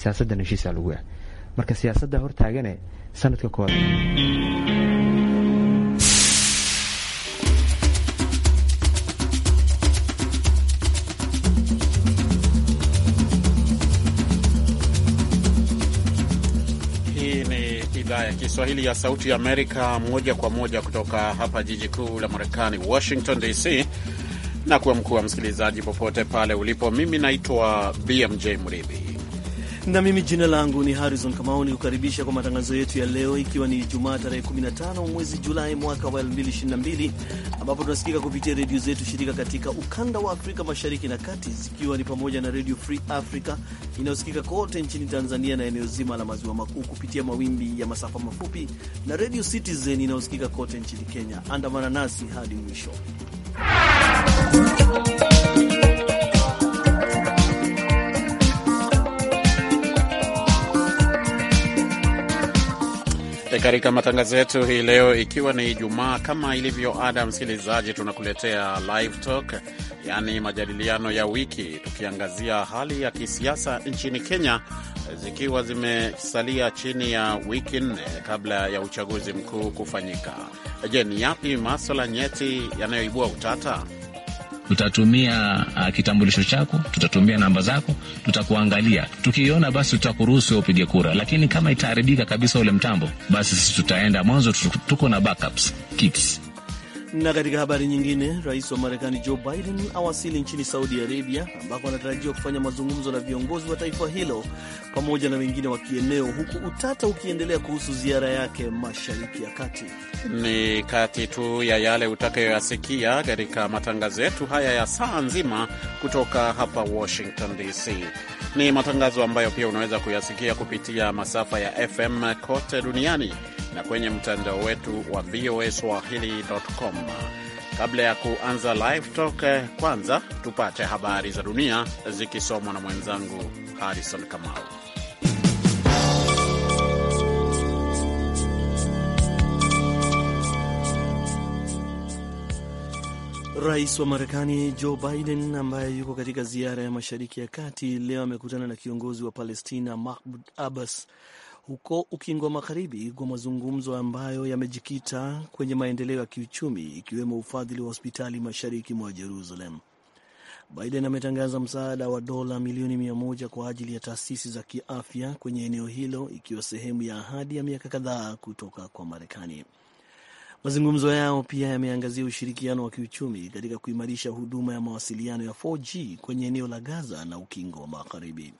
siyaasaddan heshiisaa lagu ah marka siyaasadda hortaagane sanadka kooda Kiswahili ya Sauti ya Amerika moja kwa moja kutoka hapa jiji kuu la Marekani, Washington DC. Na kuwa mkuu wa msikilizaji popote pale ulipo, mimi naitwa BMJ Mridhi na mimi jina langu ni Harrison Kamau, ni kukaribisha kwa matangazo yetu ya leo, ikiwa ni Jumaa tarehe 15 mwezi Julai mwaka wa 2022 ambapo tunasikika kupitia redio zetu shirika katika ukanda wa Afrika mashariki na kati, zikiwa ni pamoja na Redio Free Africa inayosikika kote nchini Tanzania na eneo zima la maziwa makuu kupitia mawimbi ya masafa mafupi na Redio Citizen inayosikika kote nchini Kenya. Andamana nasi hadi mwisho E, katika matangazo yetu hii leo, ikiwa ni Ijumaa, kama ilivyo ada, msikilizaji, tunakuletea live talk, yaani majadiliano ya wiki, tukiangazia hali ya kisiasa nchini Kenya zikiwa zimesalia chini ya wiki nne kabla ya uchaguzi mkuu kufanyika. Je, ni yapi maswala nyeti yanayoibua utata? tutatumia uh, kitambulisho chako, tutatumia namba zako, tutakuangalia. Tukiiona basi tutakuruhusu upige kura, lakini kama itaharibika kabisa ule mtambo, basi sisi tutaenda mwanzo, tuko na backups kits na katika habari nyingine, rais wa Marekani Joe Biden awasili nchini Saudi Arabia ambako anatarajiwa kufanya mazungumzo na viongozi wa taifa hilo pamoja na wengine wa kieneo, huku utata ukiendelea kuhusu ziara yake mashariki ya kati. Ni kati tu ya yale utakayoyasikia katika matangazo yetu haya ya saa nzima kutoka hapa Washington DC. Ni matangazo ambayo pia unaweza kuyasikia kupitia masafa ya FM kote duniani na kwenye mtandao wetu wa VOA Swahili.com. Kabla ya kuanza live talk, eh, kwanza tupate habari za dunia zikisomwa na mwenzangu Harrison Kamau. Rais wa Marekani Joe Biden ambaye yuko katika ziara ya Mashariki ya Kati leo amekutana na kiongozi wa Palestina Mahmud Abbas huko Ukingo wa Magharibi kwa mazungumzo ambayo yamejikita kwenye maendeleo ya kiuchumi ikiwemo ufadhili wa hospitali mashariki mwa Jerusalem. Biden ametangaza msaada wa dola milioni mia moja kwa ajili ya taasisi za kiafya kwenye eneo hilo ikiwa sehemu ya ahadi ya miaka kadhaa kutoka kwa Marekani. Mazungumzo yao pia yameangazia ushirikiano wa kiuchumi katika kuimarisha huduma ya mawasiliano ya 4G kwenye eneo la Gaza na Ukingo wa Magharibi.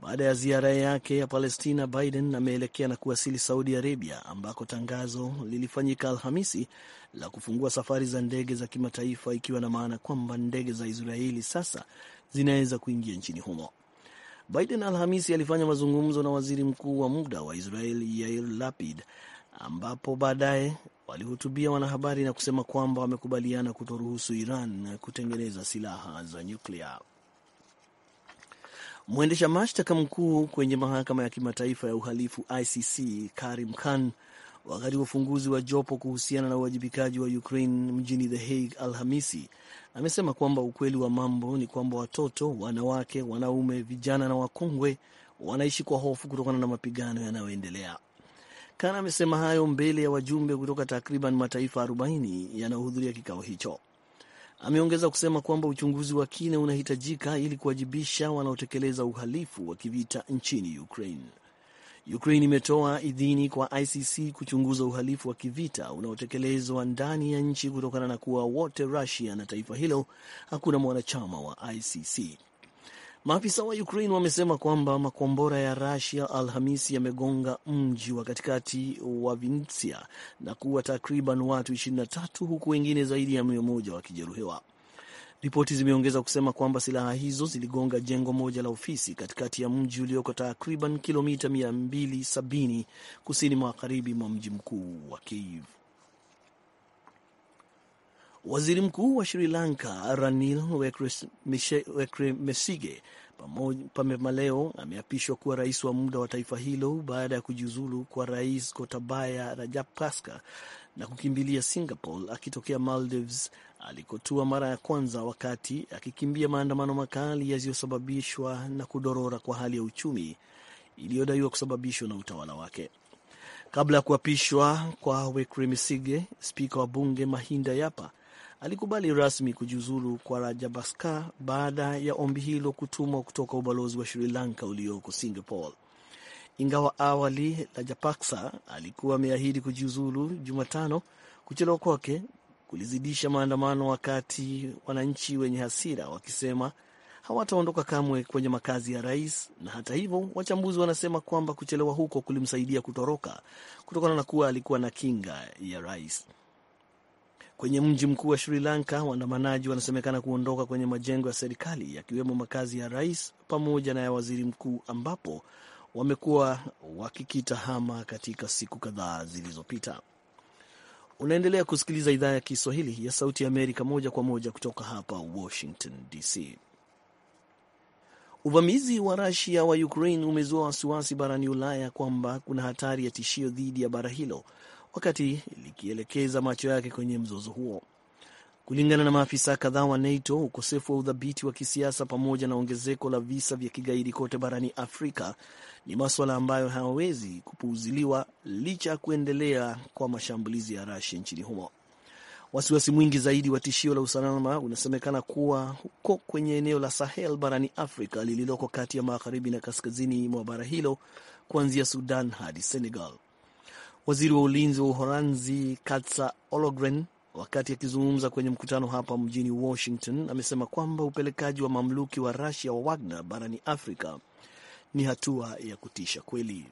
Baada ya ziara yake ya Palestina, Biden ameelekea na kuwasili Saudi Arabia, ambako tangazo lilifanyika Alhamisi la kufungua safari za ndege za kimataifa, ikiwa na maana kwamba ndege za Israeli sasa zinaweza kuingia nchini humo. Biden Alhamisi alifanya mazungumzo na waziri mkuu wa muda wa Israel Yair Lapid, ambapo baadaye walihutubia wanahabari na kusema kwamba wamekubaliana kutoruhusu Iran kutengeneza silaha za nyuklia. Mwendesha mashtaka mkuu kwenye mahakama ya kimataifa ya uhalifu ICC Karim Khan, wakati wa ufunguzi wa jopo kuhusiana na uwajibikaji wa Ukraine mjini The Hague Alhamisi, amesema kwamba ukweli wa mambo ni kwamba watoto, wanawake, wanaume, vijana na wakongwe wanaishi kwa hofu kutokana na mapigano yanayoendelea. kan amesema hayo mbele ya wajumbe kutoka takriban mataifa 40 yanayohudhuria kikao hicho. Ameongeza kusema kwamba uchunguzi wa kina unahitajika ili kuwajibisha wanaotekeleza uhalifu wa kivita nchini Ukraine. Ukraine imetoa idhini kwa ICC kuchunguza uhalifu wa kivita unaotekelezwa ndani ya nchi kutokana na kuwa wote Russia na taifa hilo hakuna mwanachama wa ICC. Maafisa wa Ukraine wamesema kwamba makombora ya Rusia Alhamisi yamegonga mji wa katikati wa Vinnytsia na kuwa takriban watu 23 huku wengine zaidi ya mia moja wakijeruhiwa. Ripoti zimeongeza kusema kwamba silaha hizo ziligonga jengo moja la ofisi katikati ya mji ulioko takriban kilomita 270 kusini magharibi mwa mji mkuu wa Kiev. Waziri mkuu wa Sri Lanka Ranil Wickremesinghe pamema leo ameapishwa kuwa rais wa muda wa taifa hilo baada ya kujiuzulu kwa rais Gotabaya Rajapaksa na kukimbilia Singapore akitokea Maldives alikotua mara ya kwanza wakati akikimbia maandamano makali yaliyosababishwa na kudorora kwa hali ya uchumi iliyodaiwa kusababishwa na utawala wake. Kabla ya kuapishwa kwa Wickremesinghe, spika wa bunge Mahinda Yapa alikubali rasmi kujiuzulu kwa rajabaska baada ya ombi hilo kutumwa kutoka ubalozi wa Sri Lanka ulioko Singapore. Ingawa awali Rajapaksa alikuwa ameahidi kujiuzulu Jumatano, kuchelewa kwake kulizidisha maandamano, wakati wananchi wenye hasira wakisema hawataondoka kamwe kwenye makazi ya rais. Na hata hivyo, wachambuzi wanasema kwamba kuchelewa huko kulimsaidia kutoroka kutokana na kuwa alikuwa na kinga ya rais. Kwenye mji mkuu wa Sri Lanka, waandamanaji wanasemekana kuondoka kwenye majengo ya serikali yakiwemo makazi ya rais pamoja na ya waziri mkuu, ambapo wamekuwa wakikita hama katika siku kadhaa zilizopita. Unaendelea kusikiliza idhaa ya Kiswahili ya Sauti ya Amerika moja kwa moja kutoka hapa Washington DC. Uvamizi wa Rusia wa Ukraine umezua wasiwasi barani Ulaya kwamba kuna hatari ya tishio dhidi ya bara hilo wakati likielekeza macho yake kwenye mzozo huo. Kulingana na maafisa kadhaa wa NATO, ukosefu wa udhabiti wa kisiasa pamoja na ongezeko la visa vya kigaidi kote barani Afrika ni maswala ambayo hayawezi kupuuziliwa licha ya kuendelea kwa mashambulizi ya rasia nchini humo. Wasiwasi mwingi zaidi wa tishio la usalama unasemekana kuwa huko kwenye eneo la Sahel barani Afrika lililoko kati ya magharibi na kaskazini mwa bara hilo kuanzia Sudan hadi Senegal waziri wa ulinzi wa Uholanzi Katsa Ologren wakati akizungumza kwenye mkutano hapa mjini Washington amesema kwamba upelekaji wa mamluki wa Rusia wa Wagner barani Afrika ni hatua ya kutisha kweli.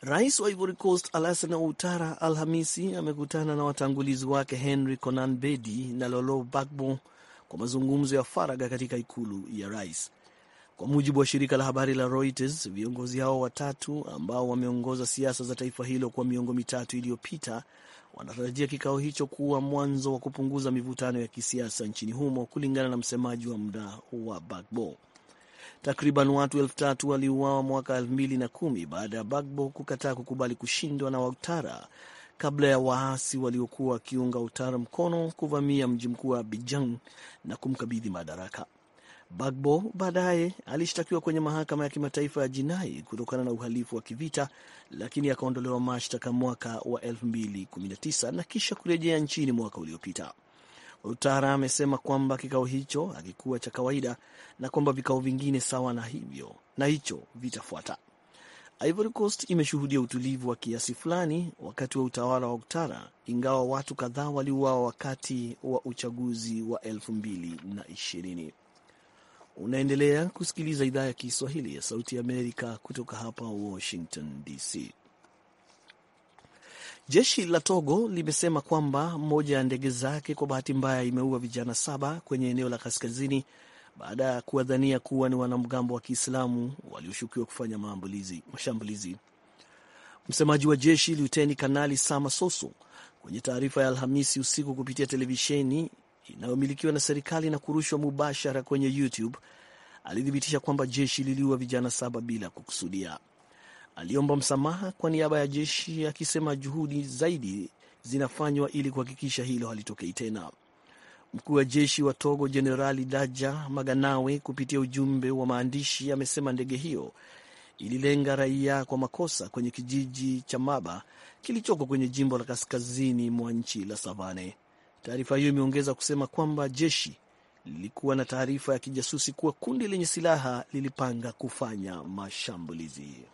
Rais wa Ivory Coast Alassane Ouattara Alhamisi amekutana na watangulizi wake Henry Konan Bedi na Lolo Bagbo kwa mazungumzo ya faragha katika ikulu ya rais. Kwa mujibu wa shirika la habari la Reuters, viongozi hao watatu ambao wameongoza siasa za taifa hilo kwa miongo mitatu iliyopita wanatarajia kikao hicho kuwa mwanzo wa kupunguza mivutano ya kisiasa nchini humo, kulingana na msemaji wa muda wa Bagbo. Takriban watu elfu tatu waliuawa mwaka elfu mbili na kumi baada ya Bagbo kukataa kukubali kushindwa na Wautara kabla ya waasi waliokuwa wakiunga Utara mkono kuvamia mji mkuu wa abijan na kumkabidhi madaraka. Bagbo baadaye alishtakiwa kwenye mahakama ya kimataifa ya jinai kutokana na uhalifu wa kivita, lakini akaondolewa mashtaka mwaka wa 2019 na kisha kurejea nchini mwaka uliopita. Utara amesema kwamba kikao hicho hakikuwa cha kawaida na kwamba vikao vingine sawa na hivyo na hicho vitafuata. Ivory Coast imeshuhudia utulivu wa kiasi fulani wakati wa utawala wa Utara, ingawa watu kadhaa waliuawa wakati wa uchaguzi wa 220 Unaendelea kusikiliza idhaa ya Kiswahili ya Sauti ya Amerika kutoka hapa Washington DC. Jeshi la Togo limesema kwamba moja ya ndege zake kwa bahati mbaya imeua vijana saba kwenye eneo la kaskazini baada ya kuwadhania kuwa ni wanamgambo wa Kiislamu walioshukiwa kufanya mashambulizi. Msemaji wa jeshi Luteni Kanali Sama Soso kwenye taarifa ya Alhamisi usiku kupitia televisheni inayomilikiwa na serikali na kurushwa mubashara kwenye YouTube, alithibitisha kwamba jeshi liliua vijana saba bila kukusudia. Aliomba msamaha kwa niaba ya jeshi, akisema juhudi zaidi zinafanywa ili kuhakikisha hilo halitokei tena. Mkuu wa jeshi wa Togo Jenerali Daja Maganawe, kupitia ujumbe wa maandishi, amesema ndege hiyo ililenga raia kwa makosa kwenye kijiji cha Maba kilichoko kwenye jimbo la kaskazini mwa nchi la Savane. Taarifa hiyo imeongeza kusema kwamba jeshi lilikuwa na taarifa ya kijasusi kuwa kundi lenye silaha lilipanga kufanya mashambulizi.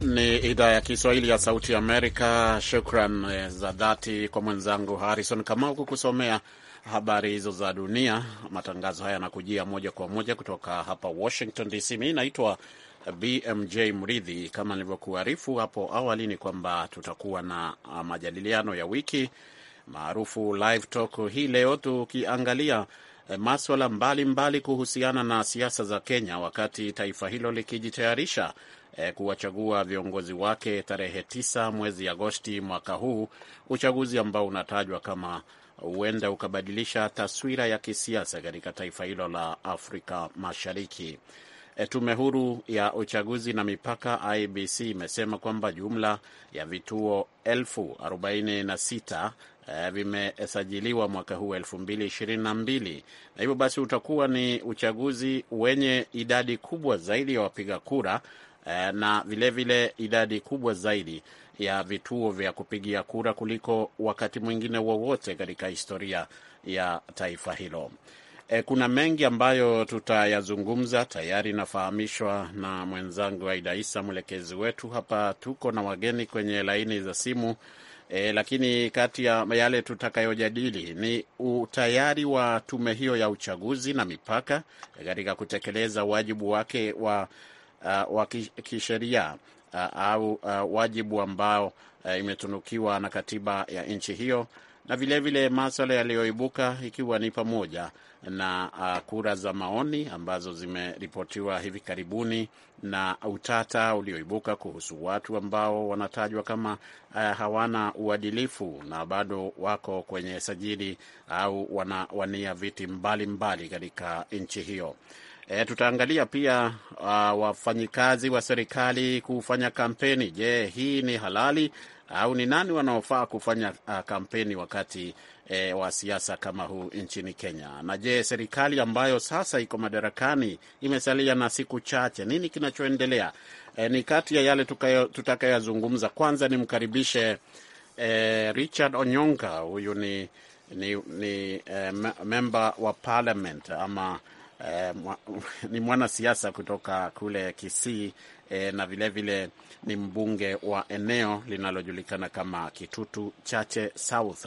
Ni idhaa ya Kiswahili ya Sauti ya Amerika. Shukran eh, za dhati kwa mwenzangu Harrison Kamau kukusomea habari hizo za dunia. Matangazo haya yanakujia moja kwa moja kutoka hapa Washington DC. Mi naitwa BMJ Mridhi. Kama nilivyokuarifu hapo awali, ni kwamba tutakuwa na majadiliano ya wiki maarufu live talk hii leo, tukiangalia eh, maswala mbalimbali mbali kuhusiana na siasa za Kenya, wakati taifa hilo likijitayarisha eh, kuwachagua viongozi wake tarehe 9 mwezi Agosti mwaka huu, uchaguzi ambao unatajwa kama huenda ukabadilisha taswira ya kisiasa katika taifa hilo la Afrika Mashariki. E, tume huru ya uchaguzi na mipaka IBC imesema kwamba jumla ya vituo 46 eh, vimesajiliwa mwaka huu elfu mbili ishirini na mbili na hivyo basi utakuwa ni uchaguzi wenye idadi kubwa zaidi ya wapiga kura eh, na vilevile vile idadi kubwa zaidi ya vituo vya kupigia kura kuliko wakati mwingine wowote katika historia ya taifa hilo. E, kuna mengi ambayo tutayazungumza. Tayari nafahamishwa na mwenzangu Aida Isa, mwelekezi wetu hapa. Tuko na wageni kwenye laini za simu. E, lakini kati ya yale tutakayojadili ni utayari wa tume hiyo ya uchaguzi na mipaka katika kutekeleza wajibu wake wa, uh, wa kisheria uh, au uh, wajibu ambao uh, imetunukiwa na katiba ya nchi hiyo na vilevile maswala yaliyoibuka ikiwa ni pamoja na uh, kura za maoni ambazo zimeripotiwa hivi karibuni na utata ulioibuka kuhusu watu ambao wanatajwa kama uh, hawana uadilifu na bado wako kwenye sajili au wanawania viti mbalimbali katika nchi hiyo. E, tutaangalia pia uh, wafanyikazi wa serikali kufanya kampeni. Je, hii ni halali au ni nani wanaofaa kufanya uh, kampeni wakati e, wa siasa kama huu nchini Kenya? Na je, serikali ambayo sasa iko madarakani imesalia na siku chache, nini kinachoendelea? E, ni kati ya yale tutakayazungumza Kwanza nimkaribishe e, Richard Onyonka. Huyu ni, ni, ni e, memba wa parliament ama eh, mwa, ni mwanasiasa kutoka kule Kisii eh, na vilevile vile ni mbunge wa eneo linalojulikana kama Kitutu Chache South.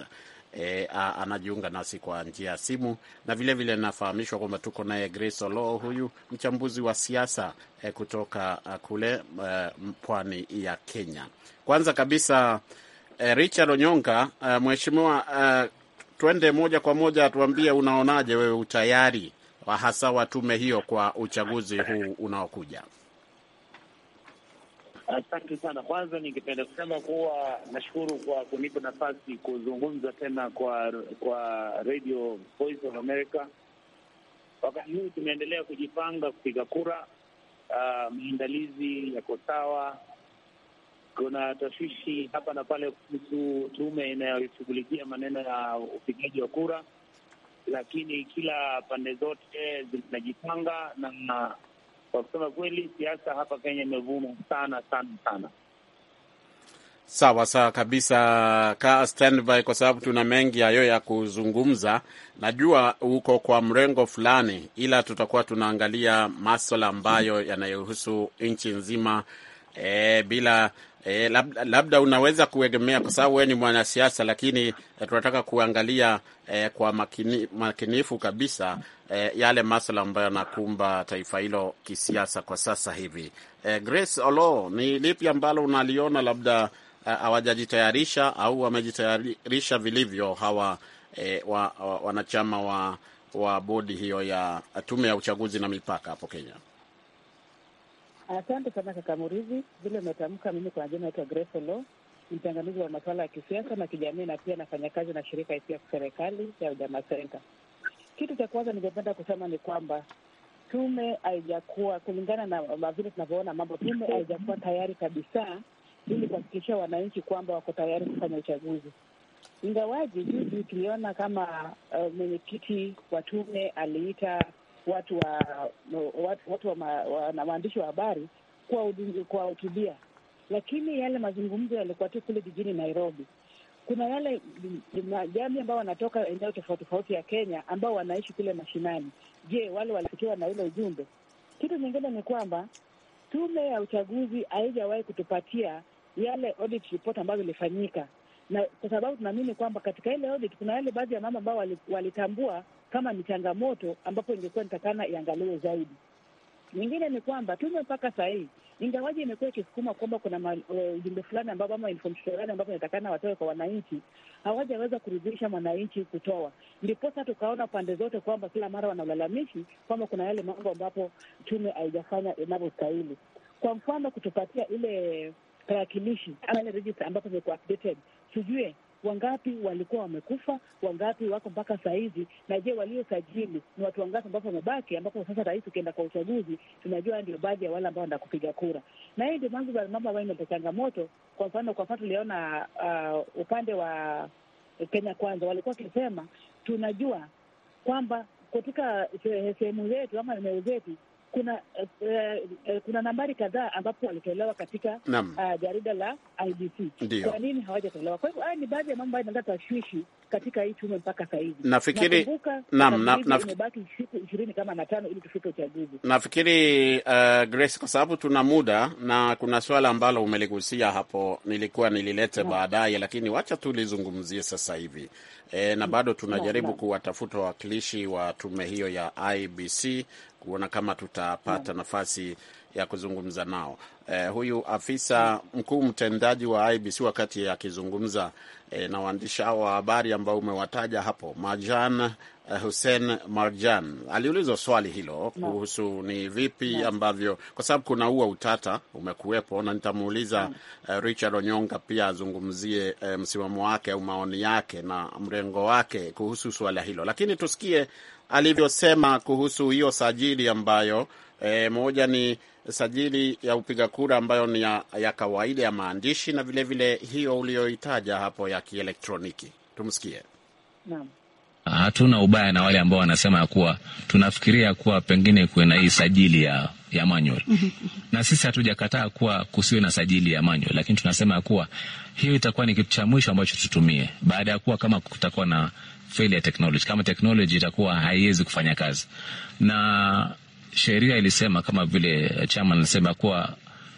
E, a, anajiunga nasi kwa njia ya simu na vilevile nafahamishwa kwamba tuko naye Grace Olo, huyu mchambuzi wa siasa e, kutoka a, kule e, pwani ya Kenya. Kwanza kabisa e, Richard Onyonga, mheshimiwa, twende moja kwa moja, tuambie unaonaje wewe utayari hasa wa tume hiyo kwa uchaguzi huu unaokuja? Asante sana. Kwanza ningependa kusema kuwa nashukuru kwa kunipa nafasi kuzungumza tena kwa kwa Radio Voice of America. Wakati huu tumeendelea kujipanga kupiga kura. Uh, maandalizi yako sawa. Kuna tashwishi hapa na pale kuhusu tume inayoshughulikia maneno ya upigaji wa kura lakini kila pande zote zinajipanga, na kwa kusema kweli, siasa hapa Kenya imevuma sana sana sana. Sawa sawa kabisa, kaa standby, kwa sababu tuna mengi hayo ya kuzungumza. Najua huko kwa mrengo fulani, ila tutakuwa tunaangalia maswala ambayo yanayohusu nchi nzima, e, bila E, eh, labda, labda unaweza kuegemea kwa sababu wewe ni mwanasiasa, lakini e, tunataka kuangalia e, kwa makini, makinifu kabisa e, yale masuala ambayo yanakumba taifa hilo kisiasa kwa sasa hivi. E, Grace Olo, ni lipi ambalo unaliona labda hawajajitayarisha au wamejitayarisha vilivyo hawa e, wa, wa, wanachama wa, wa bodi hiyo ya tume ya uchaguzi na mipaka hapo Kenya? Asante sana kaka Murithi, vile umetamka. Mimi kwa jina naitwa Grace Lo, mchanganuzi wa masuala ya kisiasa na kijamii, na pia nafanya kazi na shirika isiyo serikali ya Ujamaa Center. Kitu cha kwanza ningependa kusema ni kwamba tume haijakuwa kulingana na vile tunavyoona mambo, tume haijakuwa tayari kabisa ili kuhakikishia wananchi kwamba wako tayari kufanya uchaguzi. Ingawaji juzi tuliona kama uh, mwenyekiti wa tume aliita watu wa watu, watu wa, wa, na waandishi wa habari kuwahutubia, lakini yale mazungumzo yalikuwa tu kule jijini Nairobi. Kuna yale jamii ambao wanatoka eneo tofauti tofauti ya Kenya ambao wanaishi kule mashinani. Je, wale walifikiwa na ule ujumbe? Kitu nyingine ni kwamba tume ya uchaguzi haijawahi kutupatia yale audit report ambazo ilifanyika na kwa sababu tunaamini kwamba katika ile audit kuna yale baadhi ya mama ambao walitambua wali kama ni changamoto ambapo ingekuwa nitakana iangaliwe zaidi. Nyingine ni kwamba tume mpaka saa hii ingawaji imekuwa ikisukuma kwamba kuna e, ujumbe fulani ambapo ama information fulani ambapo inatakana watoe kwa wananchi, hawajaweza kuridhisha mwananchi kutoa. Ndiposa tukaona pande zote kwamba kila mara wanalalamishi kwamba kuna yale mambo ambapo tume haijafanya inavyostahili. Kwa mfano, kutupatia ile tarakilishi ama ile register ambapo imekuwa updated tujue wangapi walikuwa wamekufa, wangapi wako mpaka saa hizi, na je, waliosajili ni watu wangapi ambapo wamebaki, ambapo sasa rais ukienda kwa uchaguzi tunajua ndio baadhi ya wale ambao wanaenda kupiga kura. Na hii ndio mambo ambayo imeta changamoto. Kwa mfano, kwa mfano tuliona uh, upande wa Kenya Kwanza walikuwa wakisema tunajua kwamba katika sehemu zetu ama eneo zetu kuna uh, uh, kuna nambari kadhaa ambapo walitolewa katika uh, jarida la IBC. Kwa nini hawajatolewa? Kwa hivyo haya ah, ni baadhi ya mambo ambayo inaleta tashwishi katika hii tume mpaka sasa hivi. Nafikiri naam, imebaki siku ishirini kama na tano ili tufike uchaguzi. Nafikiri uh, Grace, kwa sababu tuna muda na kuna swala ambalo umeligusia hapo, nilikuwa nililete baadaye, lakini wacha tulizungumzie sasa hivi e, na bado tunajaribu kuwatafuta wawakilishi wa tume hiyo ya IBC kuona kama tutapata nafasi ya kuzungumza nao. Eh, huyu afisa mkuu mtendaji wa IBC wakati akizungumza eh, na waandishi hao wa habari ambao umewataja hapo, Marjan eh, Hussein Marjan aliulizwa swali hilo kuhusu ni vipi ambavyo, kwa sababu kuna huo utata umekuwepo, na nitamuuliza eh, Richard Onyonga pia azungumzie eh, msimamo wake au maoni yake na mrengo wake kuhusu swala hilo, lakini tusikie alivyosema kuhusu hiyo sajili ambayo e, moja ni sajili ya upiga kura ambayo ni ya, ya kawaida ya maandishi na vilevile vile hiyo uliyoitaja hapo ya kielektroniki. Tumsikie. Naam. Hatuna ubaya na wale ambao wanasema ya kuwa tunafikiria kuwa pengine kuwe na hii sajili ya, ya manual na sisi hatujakataa kuwa kusiwe na sajili ya manual, lakini tunasema ya kuwa hiyo itakuwa ni kitu cha mwisho ambacho tutumie. Baada ya kuwa kama kutakuwa na fail ya technology, kama technology itakuwa haiwezi kufanya kazi. Na sheria ilisema kama vile chama alisema kuwa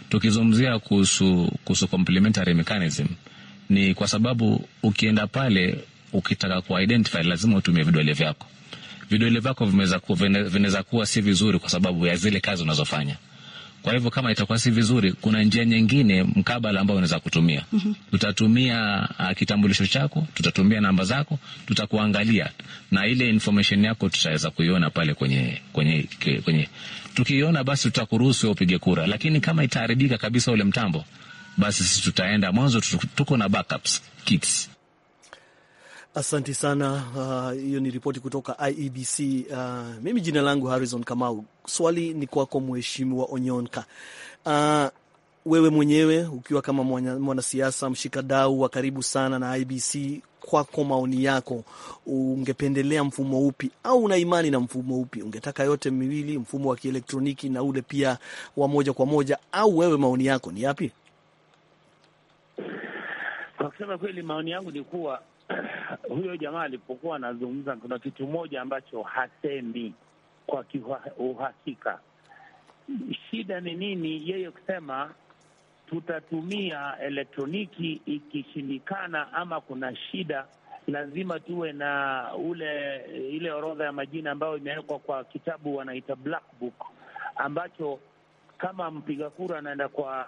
tukizungumzia kuhusu kuhusu complementary mechanism ni kwa sababu ukienda pale ukitaka ku identify lazima utumie vidole vyako. Vidole vyako vinaweza kuwa si vizuri kwa sababu ya zile kazi unazofanya. Kwa hivyo kama itakuwa si vizuri, kuna njia nyingine mkabala ambao unaweza kutumia. mm -hmm. Tutatumia uh, kitambulisho chako, tutatumia namba zako, tutakuangalia na ile information yako tutaweza kuiona pale kwenye, kwenye, kwenye. Tukiiona basi tutakuruhusu upige kura, lakini kama itaharibika kabisa ule mtambo, basi sisi tutaenda mwanzo, tuko na backups kits Asanti sana. Uh, hiyo uh, ni ripoti kutoka IEBC. Uh, mimi jina langu Harrison Kamau. Swali ni kwako Mheshimiwa Onyonka. Uh, wewe mwenyewe ukiwa kama mwanasiasa mshikadau wa karibu sana na IBC, e kwako maoni yako, ungependelea mfumo upi au una imani na mfumo upi? Ungetaka yote miwili, mfumo wa kielektroniki na ule pia wa moja kwa moja, au wewe maoni yako ni yapi? Kwa kusema kweli, maoni yangu ni kuwa huyo jamaa alipokuwa anazungumza, kuna kitu moja ambacho hasemi kwa uhakika. Shida ni nini? Yeye kusema tutatumia elektroniki, ikishindikana ama kuna shida, lazima tuwe na ule ile orodha ya majina ambayo imewekwa kwa kitabu wanaita black book, ambacho kama mpiga kura anaenda kwa,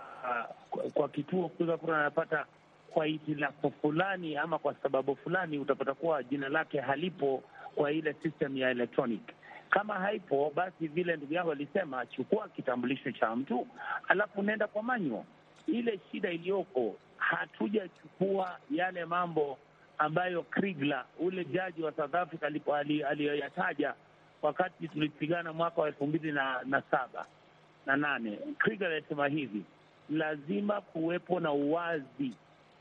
kwa kituo kupiga kura anapata kwa itilafu fulani ama kwa sababu fulani, utapata kuwa jina lake halipo kwa ile system ya electronic. Kama haipo basi, vile ndugu yao alisema, chukua kitambulisho cha mtu alafu nenda kwa manyo. Ile shida iliyoko, hatujachukua yale mambo ambayo Krigla ule jaji wa South Africa aliyoyataja wakati tulipigana mwaka wa elfu mbili na, na saba na nane. Krigla alisema hivi, lazima kuwepo na uwazi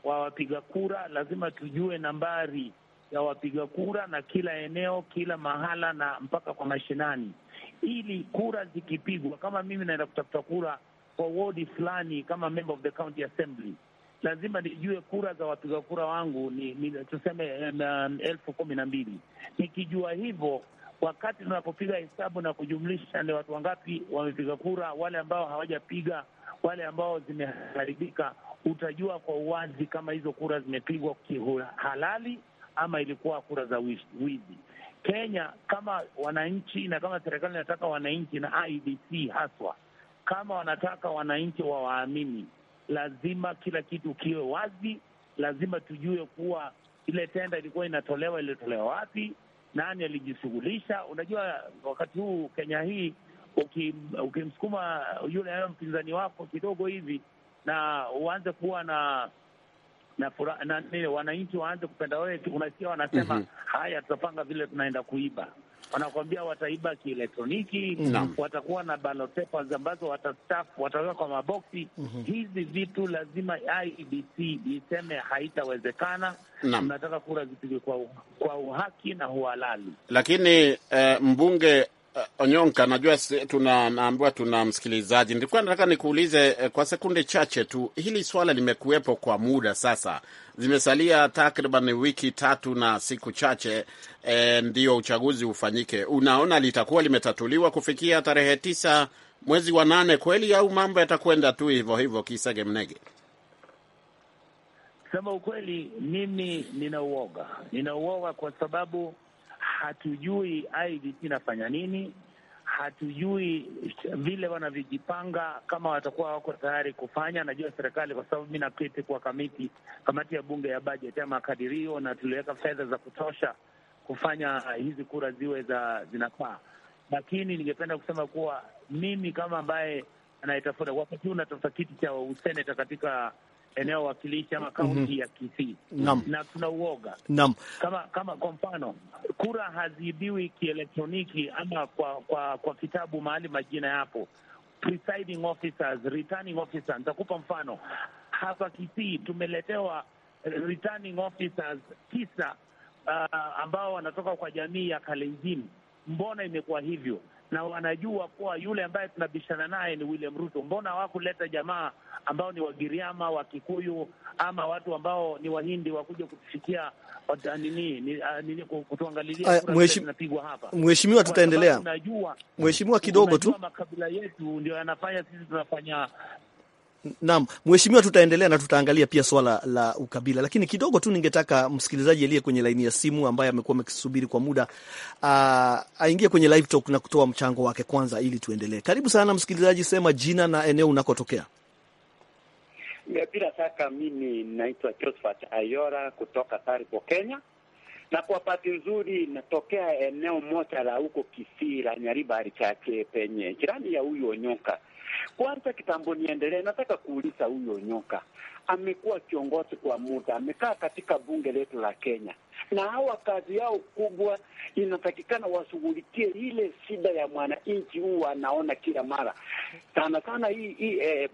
wa wapiga kura, lazima tujue nambari ya wapiga kura na kila eneo, kila mahala na mpaka kwa mashinani, ili kura zikipigwa, kama mimi naenda kutafuta kura kwa wodi fulani kama member of the county assembly, lazima nijue kura za wapiga kura wangu ni, ni tuseme elfu kumi na mbili. Nikijua hivyo wakati tunapopiga hesabu na kujumlisha ni watu wangapi wamepiga kura, wale ambao hawajapiga, wale ambao zimeharibika, utajua kwa uwazi kama hizo kura zimepigwa kihalali ama ilikuwa kura za wizi. Kenya kama wananchi na kama serikali inataka wananchi na idc haswa, kama wanataka wananchi wawaamini, lazima kila kitu kiwe wazi. Lazima tujue kuwa ile tenda ilikuwa inatolewa, ilitolewa wapi, nani alijishughulisha. Unajua, wakati huu Kenya hii ukimsukuma uki yule mpinzani wako kidogo hivi na uanze kuwa na na furaha na nini, wananchi waanze kupenda wewe. Unasikia wanasema mm -hmm. Haya, tutapanga vile tunaenda kuiba. Wanakuambia wataiba kielektroniki mm -hmm. Watakuwa na ballot papers ambazo watastaff wataweka kwa maboksi mm -hmm. Hizi vitu lazima IEBC iseme haitawezekana. Mnataka kura zipigwe kwa, kwa uhaki na uhalali, lakini eh, mbunge Eh, Onyonka, najua tuna naambiwa tuna msikilizaji. Nilikuwa nataka nikuulize eh, kwa sekunde chache tu, hili swala limekuwepo kwa muda sasa, zimesalia takriban wiki tatu na siku chache e, ndio uchaguzi ufanyike. Unaona litakuwa limetatuliwa kufikia tarehe tisa mwezi wa nane kweli, au mambo yatakwenda tu hivyo hivyo kisege mnege? Sema ukweli, mimi nina ninauoga kwa sababu hatujui IVP inafanya nini, hatujui vile wanavyojipanga kama watakuwa wako tayari kufanya. Najua serikali kwa sababu mi naketi kwa kamiti, kamati ya bunge ya bajeti ya makadirio, na tuliweka fedha za kutosha kufanya hizi kura ziwe za zinafaa, lakini ningependa kusema kuwa mimi kama ambaye anayetafuta wakati huu natafuta kiti cha useneta katika eneo ama kaunti mm -hmm. ya Kisii Nam. na tuna uoga Nam. kama kama kwa mfano kura haziibiwi kielektroniki ama kwa kwa kwa kitabu mahali majina yapo presiding officers, returning officers. Nitakupa mfano hapa Kisii tumeletewa returning officers tisa uh, ambao wanatoka kwa jamii ya Kalenjin. Mbona imekuwa hivyo? na wanajua kuwa yule ambaye tunabishana naye ni William Ruto. Mbona hawakuleta jamaa ambao ni Wagiriama, Wakikuyu ama watu ambao ni Wahindi wakuja kutufikia nini, ah, nini, kutuangalilia tunapigwa hapa? Mheshimiwa, tutaendelea. Mheshimiwa, kidogo tu makabila yetu ndio yanafanya sisi tunafanya Naam, mheshimiwa, tutaendelea na tutaangalia pia swala la ukabila, lakini kidogo tu ningetaka msikilizaji aliye kwenye laini ya simu ambaye amekuwa amekisubiri kwa muda ah, aingie kwenye live talk na kutoa mchango wake kwanza, ili tuendelee. Karibu sana msikilizaji, sema jina na eneo unakotokea. Bila shaka, mimi naitwa Josephat Ayora kutoka Taribo, Kenya, na kwa bahati nzuri natokea eneo moja la huko Kisii la Nyaribari chake penye jirani ya huyu Onyoka kwanza kitambo niendelee, nataka kuuliza huyo nyoka amekuwa kiongozi kwa muda, amekaa katika bunge letu la Kenya, na hawa kazi yao kubwa inatakikana washughulikie ile shida ya mwananchi. Huu anaona kila mara sana sana hii hii, eh,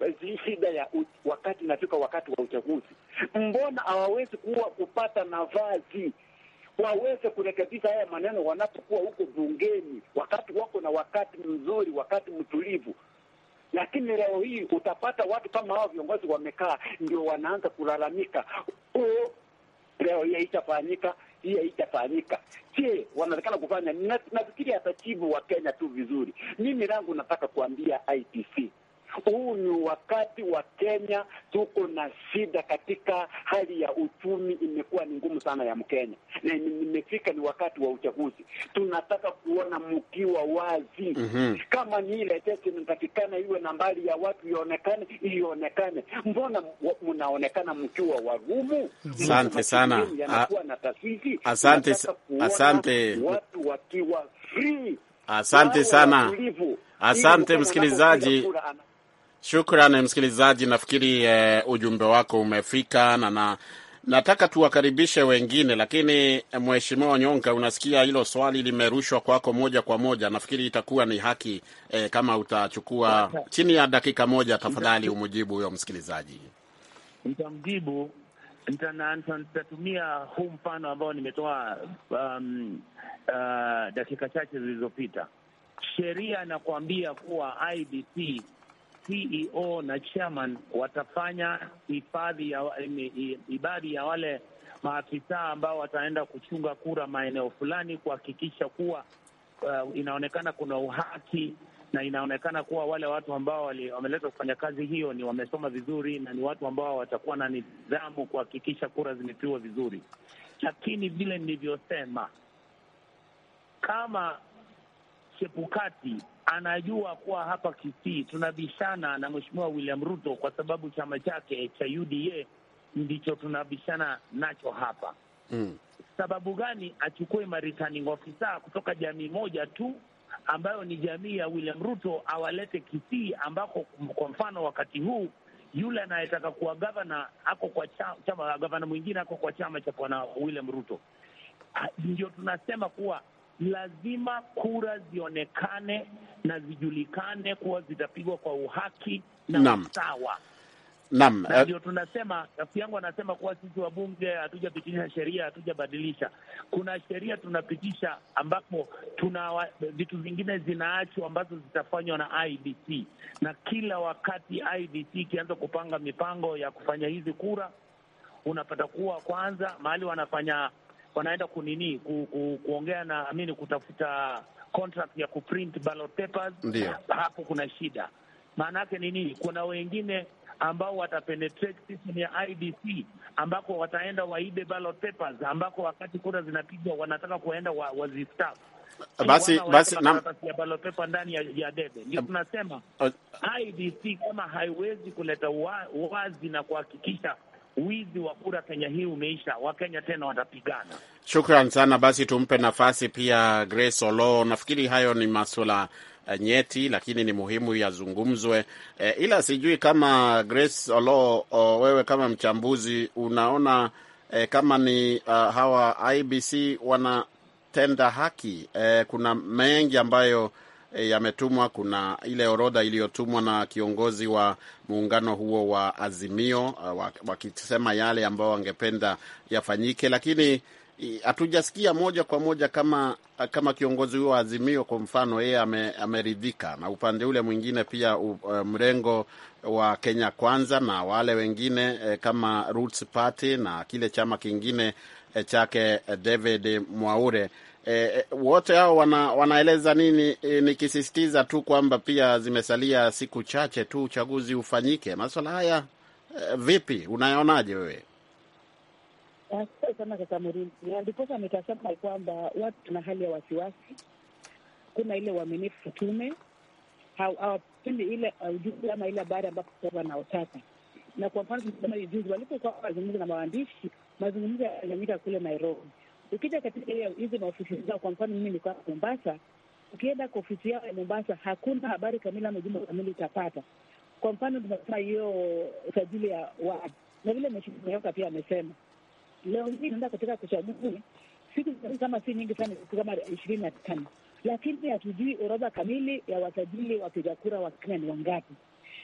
shida ya wakati inafika wakati wa uchaguzi, mbona hawawezi kuwa kupata nafasi waweze kurekebisha haya maneno wanapokuwa huko bungeni, wakati wako na wakati mzuri, wakati mtulivu lakini leo hii utapata watu kama hao viongozi wamekaa ndio wanaanza kulalamika, oh, leo hii haitafanyika hii haitafanyika. Je, wanaonekana kufanya? Nafikiri wa kenya tu vizuri. Mimi langu nataka kuambia ITC huu ni wakati wa Kenya, tuko na shida katika hali ya uchumi, imekuwa ni ngumu sana ya Mkenya, na nimefika ni wakati wa uchaguzi. Tunataka kuona mkiwa wazi mm -hmm. Kama ni ile testi inatakikana iwe nambari ya watu ionekane, ionekane. Mbona mnaonekana mkiwa wagumu? Asante sana, yanakuwa na tasizi. Asante, asante watu wakiwa free, asante sana, asante msikilizaji. Shukran msikilizaji, nafikiri e, ujumbe wako umefika na, na nataka tuwakaribishe wengine, lakini eh, mheshimiwa Nyonga, unasikia hilo swali limerushwa kwako moja kwa moja. Nafikiri itakuwa ni haki e, kama utachukua chini ya dakika moja, tafadhali umujibu huyo msikilizaji. Nitamjibu, nitatumia huu mfano ambao nimetoa um, uh, dakika chache zilizopita. Sheria anakuambia kuwa IBC CEO na chairman watafanya hifadhi ya ibadi ya wale maafisa ambao wataenda kuchunga kura maeneo fulani kuhakikisha kuwa uh, inaonekana kuna uhaki na inaonekana kuwa wale watu ambao wameletwa kufanya kazi hiyo ni wamesoma vizuri na ni watu ambao watakuwa na nidhamu kuhakikisha kura zimepigwa vizuri. Lakini vile nilivyosema, kama chepukati anajua kuwa hapa Kisii tunabishana na Mheshimiwa William Ruto kwa sababu chama chake cha UDA ndicho tunabishana nacho hapa mm. Sababu gani achukue Marekani ofisa kutoka jamii moja tu ambayo ni jamii ya William Ruto awalete Kisii ambako kwa mfano wakati huu yule anayetaka kuwa gavana ako kwa chama, gavana mwingine ako kwa chama cha bwana William Ruto. Ah, ndio tunasema kuwa lazima kura zionekane na zijulikane kuwa zitapigwa kwa uhaki na usawa. Naam, na eh, ndio tunasema, rafiki yangu anasema kuwa sisi wabunge hatujapitisha sheria, hatujabadilisha. Kuna sheria tunapitisha ambapo tuna vitu vingine zinaachwa ambazo zitafanywa na IDC, na kila wakati IDC ikianza kupanga mipango ya kufanya hizi kura, unapata kuwa kwanza mahali wanafanya wanaenda kunini ku, ku, kuongea na amini kutafuta contract ya kuprint ballot papers. Ndiyo. Hapo kuna shida, maana yake nini? Kuna wengine ambao watapenetrate system ya IDC ambako wataenda waibe ballot papers ambako wakati kura zinapigwa wanataka kuenda wa, wazistafu basi basi na ballot paper ndani ya, ya debe. Ndio tunasema idc kama haiwezi kuleta wazi na kuhakikisha wizi wa kura Kenya hii umeisha. Wakenya tena watapigana. Shukran sana. Basi tumpe nafasi pia Grace Olo. Nafikiri hayo ni masuala eh, nyeti lakini ni muhimu yazungumzwe. E, ila sijui kama Grace Olo o, wewe kama mchambuzi unaona e, kama ni uh, hawa IBC wanatenda haki e, kuna mengi ambayo Eh, yametumwa. Kuna ile orodha iliyotumwa na kiongozi wa muungano huo wa Azimio, uh, wakisema yale ambayo wangependa yafanyike, lakini eh, hatujasikia moja kwa moja kama kama kiongozi huo wa Azimio kwa mfano yeye ame, ameridhika na upande ule mwingine pia uh, mrengo wa Kenya Kwanza na wale wengine eh, kama Roots Party na kile chama kingine eh, chake eh, David Mwaure E, wote hao wana, wanaeleza nini? E, nikisisitiza tu kwamba pia zimesalia siku chache tu uchaguzi ufanyike. Maswala haya e, vipi unayonaje wewe? Asante sana kaka Murinzi. Ndiposa nitasema kwamba watu tuna hali ya wasiwasi, kuna ile uaminifu tume hawapendi ile uh, ujuzi ama ile habari ambapo wanaotaka. Na kwa mfano juzi walipokuwa wazungumza na mawandishi, mazungumzo yalifanyika kule Nairobi Ukija katika hizi maofisi zao, kwa mfano, mimi nikaa Mombasa, ukienda kwa ofisi yao ya Mombasa hakuna habari kamili ama ujumbe kamili utapata. Kwa mfano, tunasema hiyo sajili ya wadi, na vile mheshimiwa Yoka pia amesema leo hii naenda katika kuchaguzi, siku kama si nyingi sana, siku kama ishirini na tano, lakini hatujui orodha kamili ya wasajili wapiga kura wa Kenya ni wangapi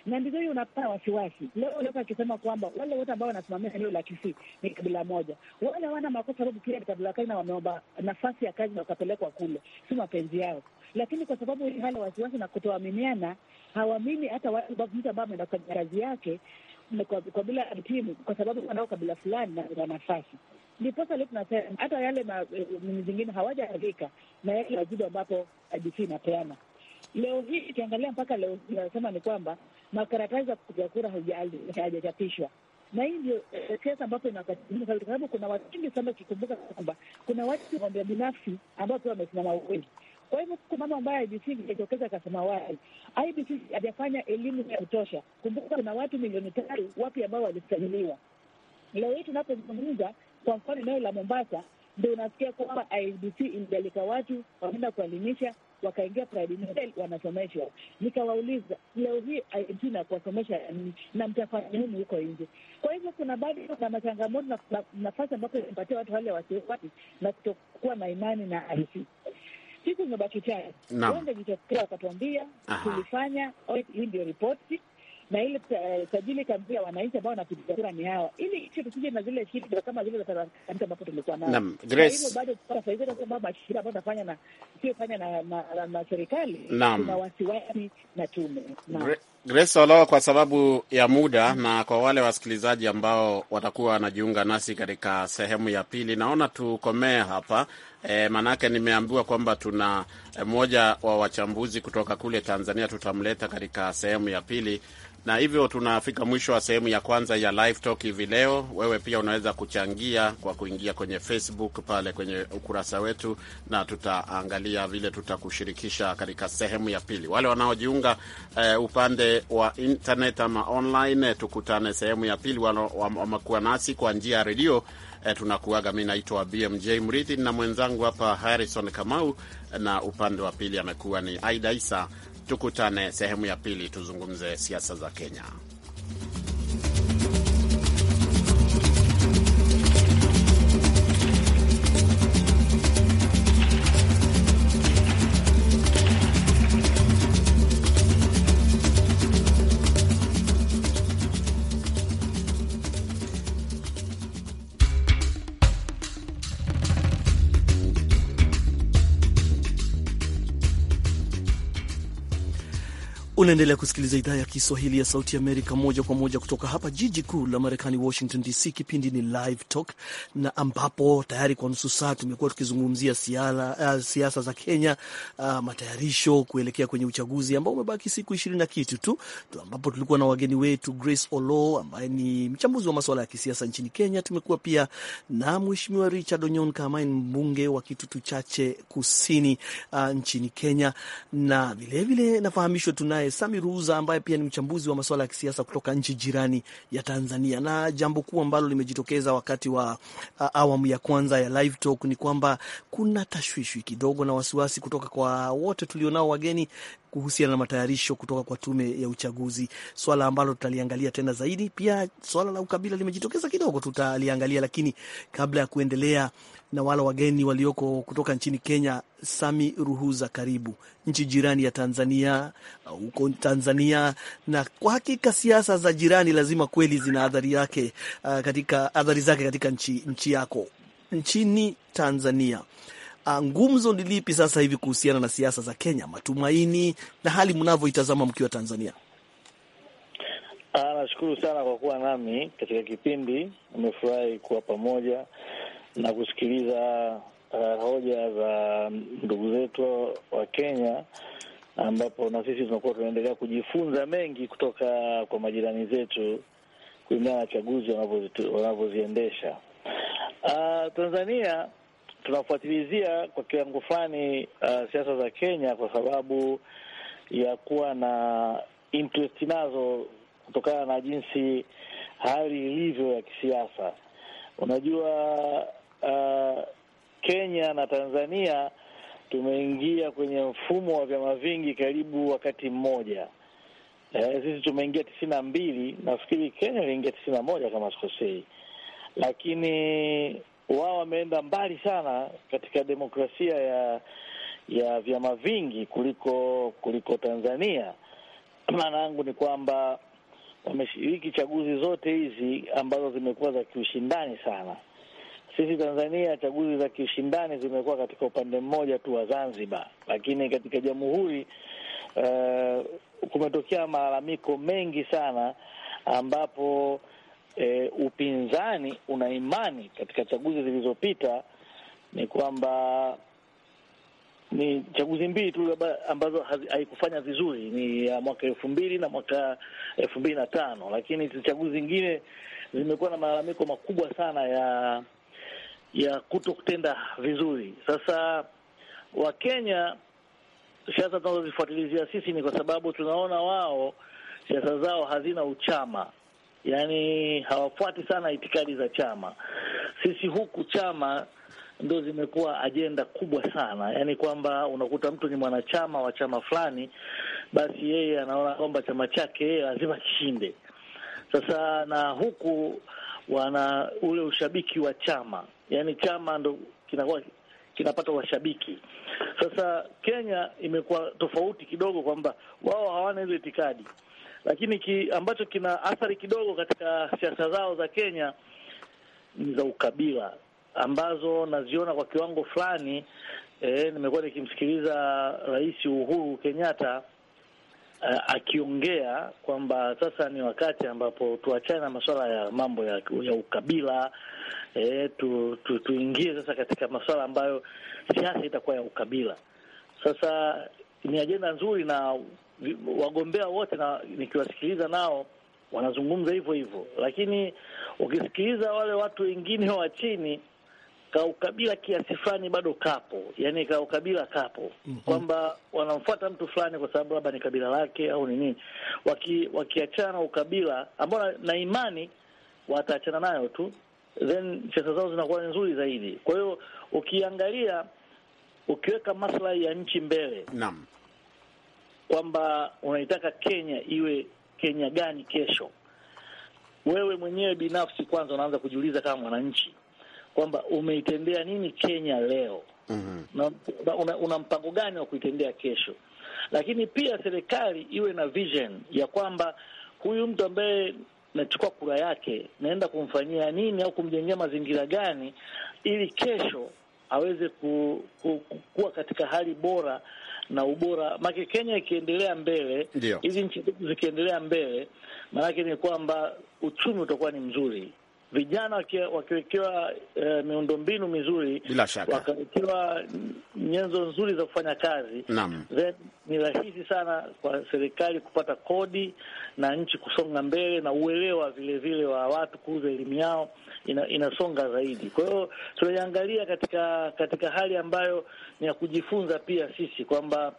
na ndivyo hiyo unapata wasiwasi. Leo leo akisema kwamba wale wote ambao wanasimamia eneo la Kisii ni kabila moja, wale wana makosa sababu pia ni kabila kazi na wameomba nafasi ya kazi na wakapelekwa kule, si mapenzi yao lakini kwa sababu hii hali wasiwasi na kutoaminiana, hawaamini hata mtu ambaye ameenda kufanya kazi yake kwa bila timu, kwa sababu wanao kabila fulani na ina nafasi. Ndiposa leo tunasema hata yale mini eh, zingine hawajaridhika na yale wajibu ambapo IBC inapeana. Leo hii ikiangalia mpaka leo nasema ni kwamba makaratasi ya kupiga kura hajachapishwa na hii ndio eh, siasa ambapo inakatiza, kwa sababu kuna watu wengi sana. Ukikumbuka kwamba kuna watu wagombea binafsi ambao pia wamesimama wengi. Kwa hivyo huku mama ambaye IBC imejitokeza akasema wazi, IBC hajafanya elimu ya kutosha. Kumbuka kuna watu milioni tatu wapi ambao walisajiliwa. Leo hii tunapozungumza, kwa mfano eneo la Mombasa, ndio unasikia kwamba IBC imepeleka watu wameenda kuelimisha wakaingia Pride wanasomeshwa. Nikawauliza leo hii Argentina kuwasomesha nini na mtafanya nini huko nje? Kwa hivyo kuna bado na machangamoto na nafasi ambapo impatia watu wale wasiwasi na kutokuwa na imani na IC. Sisi tumebaki chai, wende jitokea wakatuambia tulifanya hii, ndio ripoti na ile eh, sajili kamili ya wananchi ambao wanapiga kura ni hawa, ili nchi tusije na zile shida kama zile za Tanganyika ambapo tumekuwa nazo. Naam, Grace, hivyo bado tupata faida kwa sababu mashirika ambayo tunafanya na siofanya na na, na serikali na wasiwasi na tume. Naam, Grace Olawa, kwa sababu ya muda na kwa wale wasikilizaji ambao watakuwa wanajiunga nasi katika sehemu ya pili, naona tukomee hapa. E, eh, maanake nimeambiwa kwamba tuna e, eh, mmoja wa wachambuzi kutoka kule Tanzania tutamleta katika sehemu ya pili na hivyo tunafika mwisho wa sehemu ya kwanza ya Live Talk hivi leo. Wewe pia unaweza kuchangia kwa kuingia kwenye Facebook pale kwenye ukurasa wetu, na tutaangalia vile tutakushirikisha katika sehemu ya pili. Wale wanaojiunga eh, upande wa internet ama online, eh, tukutane sehemu ya pili. wamekuwa nasi kwa njia ya redio E, tunakuaga. Mi naitwa BMJ Mrithi na mwenzangu hapa Harrison Kamau, na upande wa pili amekuwa ni Aida Isa Tukutane sehemu ya pili, tuzungumze siasa za Kenya. Unaendelea kusikiliza idhaa ya Kiswahili ya Sauti Amerika moja kwa moja kutoka hapa jiji kuu la Marekani, Washington DC. Kipindi ni Live Talk na ambapo tayari kwa nusu saa tumekuwa tukizungumzia eh, siasa za Kenya, uh, matayarisho kuelekea kwenye uchaguzi ambao umebaki siku ishirini na kitu tu, ambapo tulikuwa na wageni wetu Grace Olo ambaye ni mchambuzi wa masuala ya kisiasa nchini Kenya. Tumekuwa pia na Mheshimiwa Richard Onyon Kamain, mbunge wa Kitutu Chache Kusini, uh, nchini Kenya, na vilevile nafahamishwa tunaye Sami ruuza ambaye pia ni mchambuzi wa masuala ya kisiasa kutoka nchi jirani ya Tanzania. Na jambo kuu ambalo limejitokeza wakati wa awamu ya kwanza ya Live Talk ni kwamba kuna tashwishwi kidogo na wasiwasi kutoka kwa wote tulionao wageni kuhusiana na matayarisho kutoka kwa tume ya uchaguzi, swala ambalo tutaliangalia tena zaidi. Pia swala la ukabila limejitokeza kidogo, tutaliangalia, lakini kabla ya kuendelea na wale wageni walioko kutoka nchini Kenya. Sami Ruhuza, karibu nchi jirani ya Tanzania, huko Tanzania. Na kwa hakika siasa za jirani lazima kweli zina athari yake, uh, katika athari zake katika nchi, nchi yako nchini Tanzania. Uh, ngumzo ni lipi sasa hivi kuhusiana na siasa za Kenya, matumaini na hali mnavyoitazama mkiwa Tanzania? Ah, nashukuru sana kwa kuwa nami katika kipindi, nimefurahi kuwa pamoja na kusikiliza uh, hoja za ndugu zetu wa Kenya, ambapo na sisi tunakuwa tunaendelea kujifunza mengi kutoka kwa majirani zetu kulingana na chaguzi wanavyoziendesha. Uh, Tanzania tunafuatilizia kwa kiwango fulani uh, siasa za Kenya kwa sababu ya kuwa na interest nazo kutokana na jinsi hali ilivyo ya kisiasa. Unajua, uh, Kenya na Tanzania tumeingia kwenye mfumo wa vyama vingi karibu wakati mmoja. Eh, sisi tumeingia tisini na mbili, nafikiri Kenya iliingia tisini na moja kama sikosei, lakini wao wameenda mbali sana katika demokrasia ya ya vyama vingi kuliko kuliko Tanzania. Maana yangu ni kwamba wameshiriki chaguzi zote hizi ambazo zimekuwa za kiushindani sana, sisi Tanzania chaguzi za kishindani zimekuwa katika upande mmoja tu wa Zanzibar, lakini katika jamhuri uh, kumetokea malalamiko mengi sana ambapo uh, upinzani una imani katika chaguzi zilizopita ni kwamba ni chaguzi mbili tu ambazo haikufanya vizuri ni ya mwaka elfu mbili na mwaka elfu mbili na tano, lakini chaguzi zingine zimekuwa na malalamiko makubwa sana ya ya kuto kutenda vizuri. Sasa Wakenya, siasa tunazozifuatilizia sisi ni kwa sababu tunaona wao siasa zao hazina uchama, yaani hawafuati sana itikadi za chama. Sisi huku chama ndo zimekuwa ajenda kubwa sana, yaani kwamba unakuta mtu ni mwanachama wa chama fulani, basi yeye anaona kwamba chama chake yeye lazima kishinde. Sasa na huku wana ule ushabiki wa chama, yaani chama ndo kinakuwa kinapata washabiki. Sasa Kenya imekuwa tofauti kidogo, kwamba wao hawana hizo itikadi, lakini ki, ambacho kina athari kidogo katika siasa zao za Kenya ni za ukabila ambazo naziona kwa kiwango fulani. E, nimekuwa nikimsikiliza Rais Uhuru Kenyatta uh, akiongea kwamba sasa ni wakati ambapo tuachane na masuala ya mambo ya, ya ukabila eh, tu, tu, tuingie sasa katika masuala ambayo siasa itakuwa ya ukabila. Sasa ni ajenda nzuri na wagombea wote, na nikiwasikiliza nao wanazungumza hivyo hivyo, lakini ukisikiliza wale watu wengine wa chini kaukabila kiasi fulani bado kapo, yani kaukabila kapo mm -hmm. kwamba wanamfuata mtu fulani kwa sababu labda ni kabila lake au ni nini. Waki, wakiachana na ukabila ambao na imani wataachana nayo tu, then siasa zao zinakuwa nzuri zaidi. Kwa hiyo ukiangalia, ukiweka maslahi ya nchi mbele, naam, kwamba unaitaka Kenya iwe Kenya gani kesho, wewe mwenyewe binafsi kwanza unaanza kujiuliza kama mwananchi kwamba umeitendea nini Kenya leo mm -hmm. na una, mpango gani wa kuitendea kesho, lakini pia serikali iwe na vision ya kwamba huyu mtu ambaye nachukua kura yake naenda kumfanyia nini au kumjengea mazingira gani ili kesho aweze ku, ku, kuwa katika hali bora na ubora. Maana Kenya ikiendelea mbele, hizi nchi zikiendelea mbele, maanake ni kwamba uchumi utakuwa ni mzuri, vijana wakiwekewa e, miundombinu mizuri, bila shaka wakawekewa nyenzo nzuri za kufanya kazi, naam, then ni rahisi sana kwa serikali kupata kodi na nchi kusonga mbele, na uelewa vile vile wa watu kuuza elimu yao ina, inasonga zaidi. Kwa hiyo tunaiangalia katika katika hali ambayo ni ya kujifunza pia sisi kwamba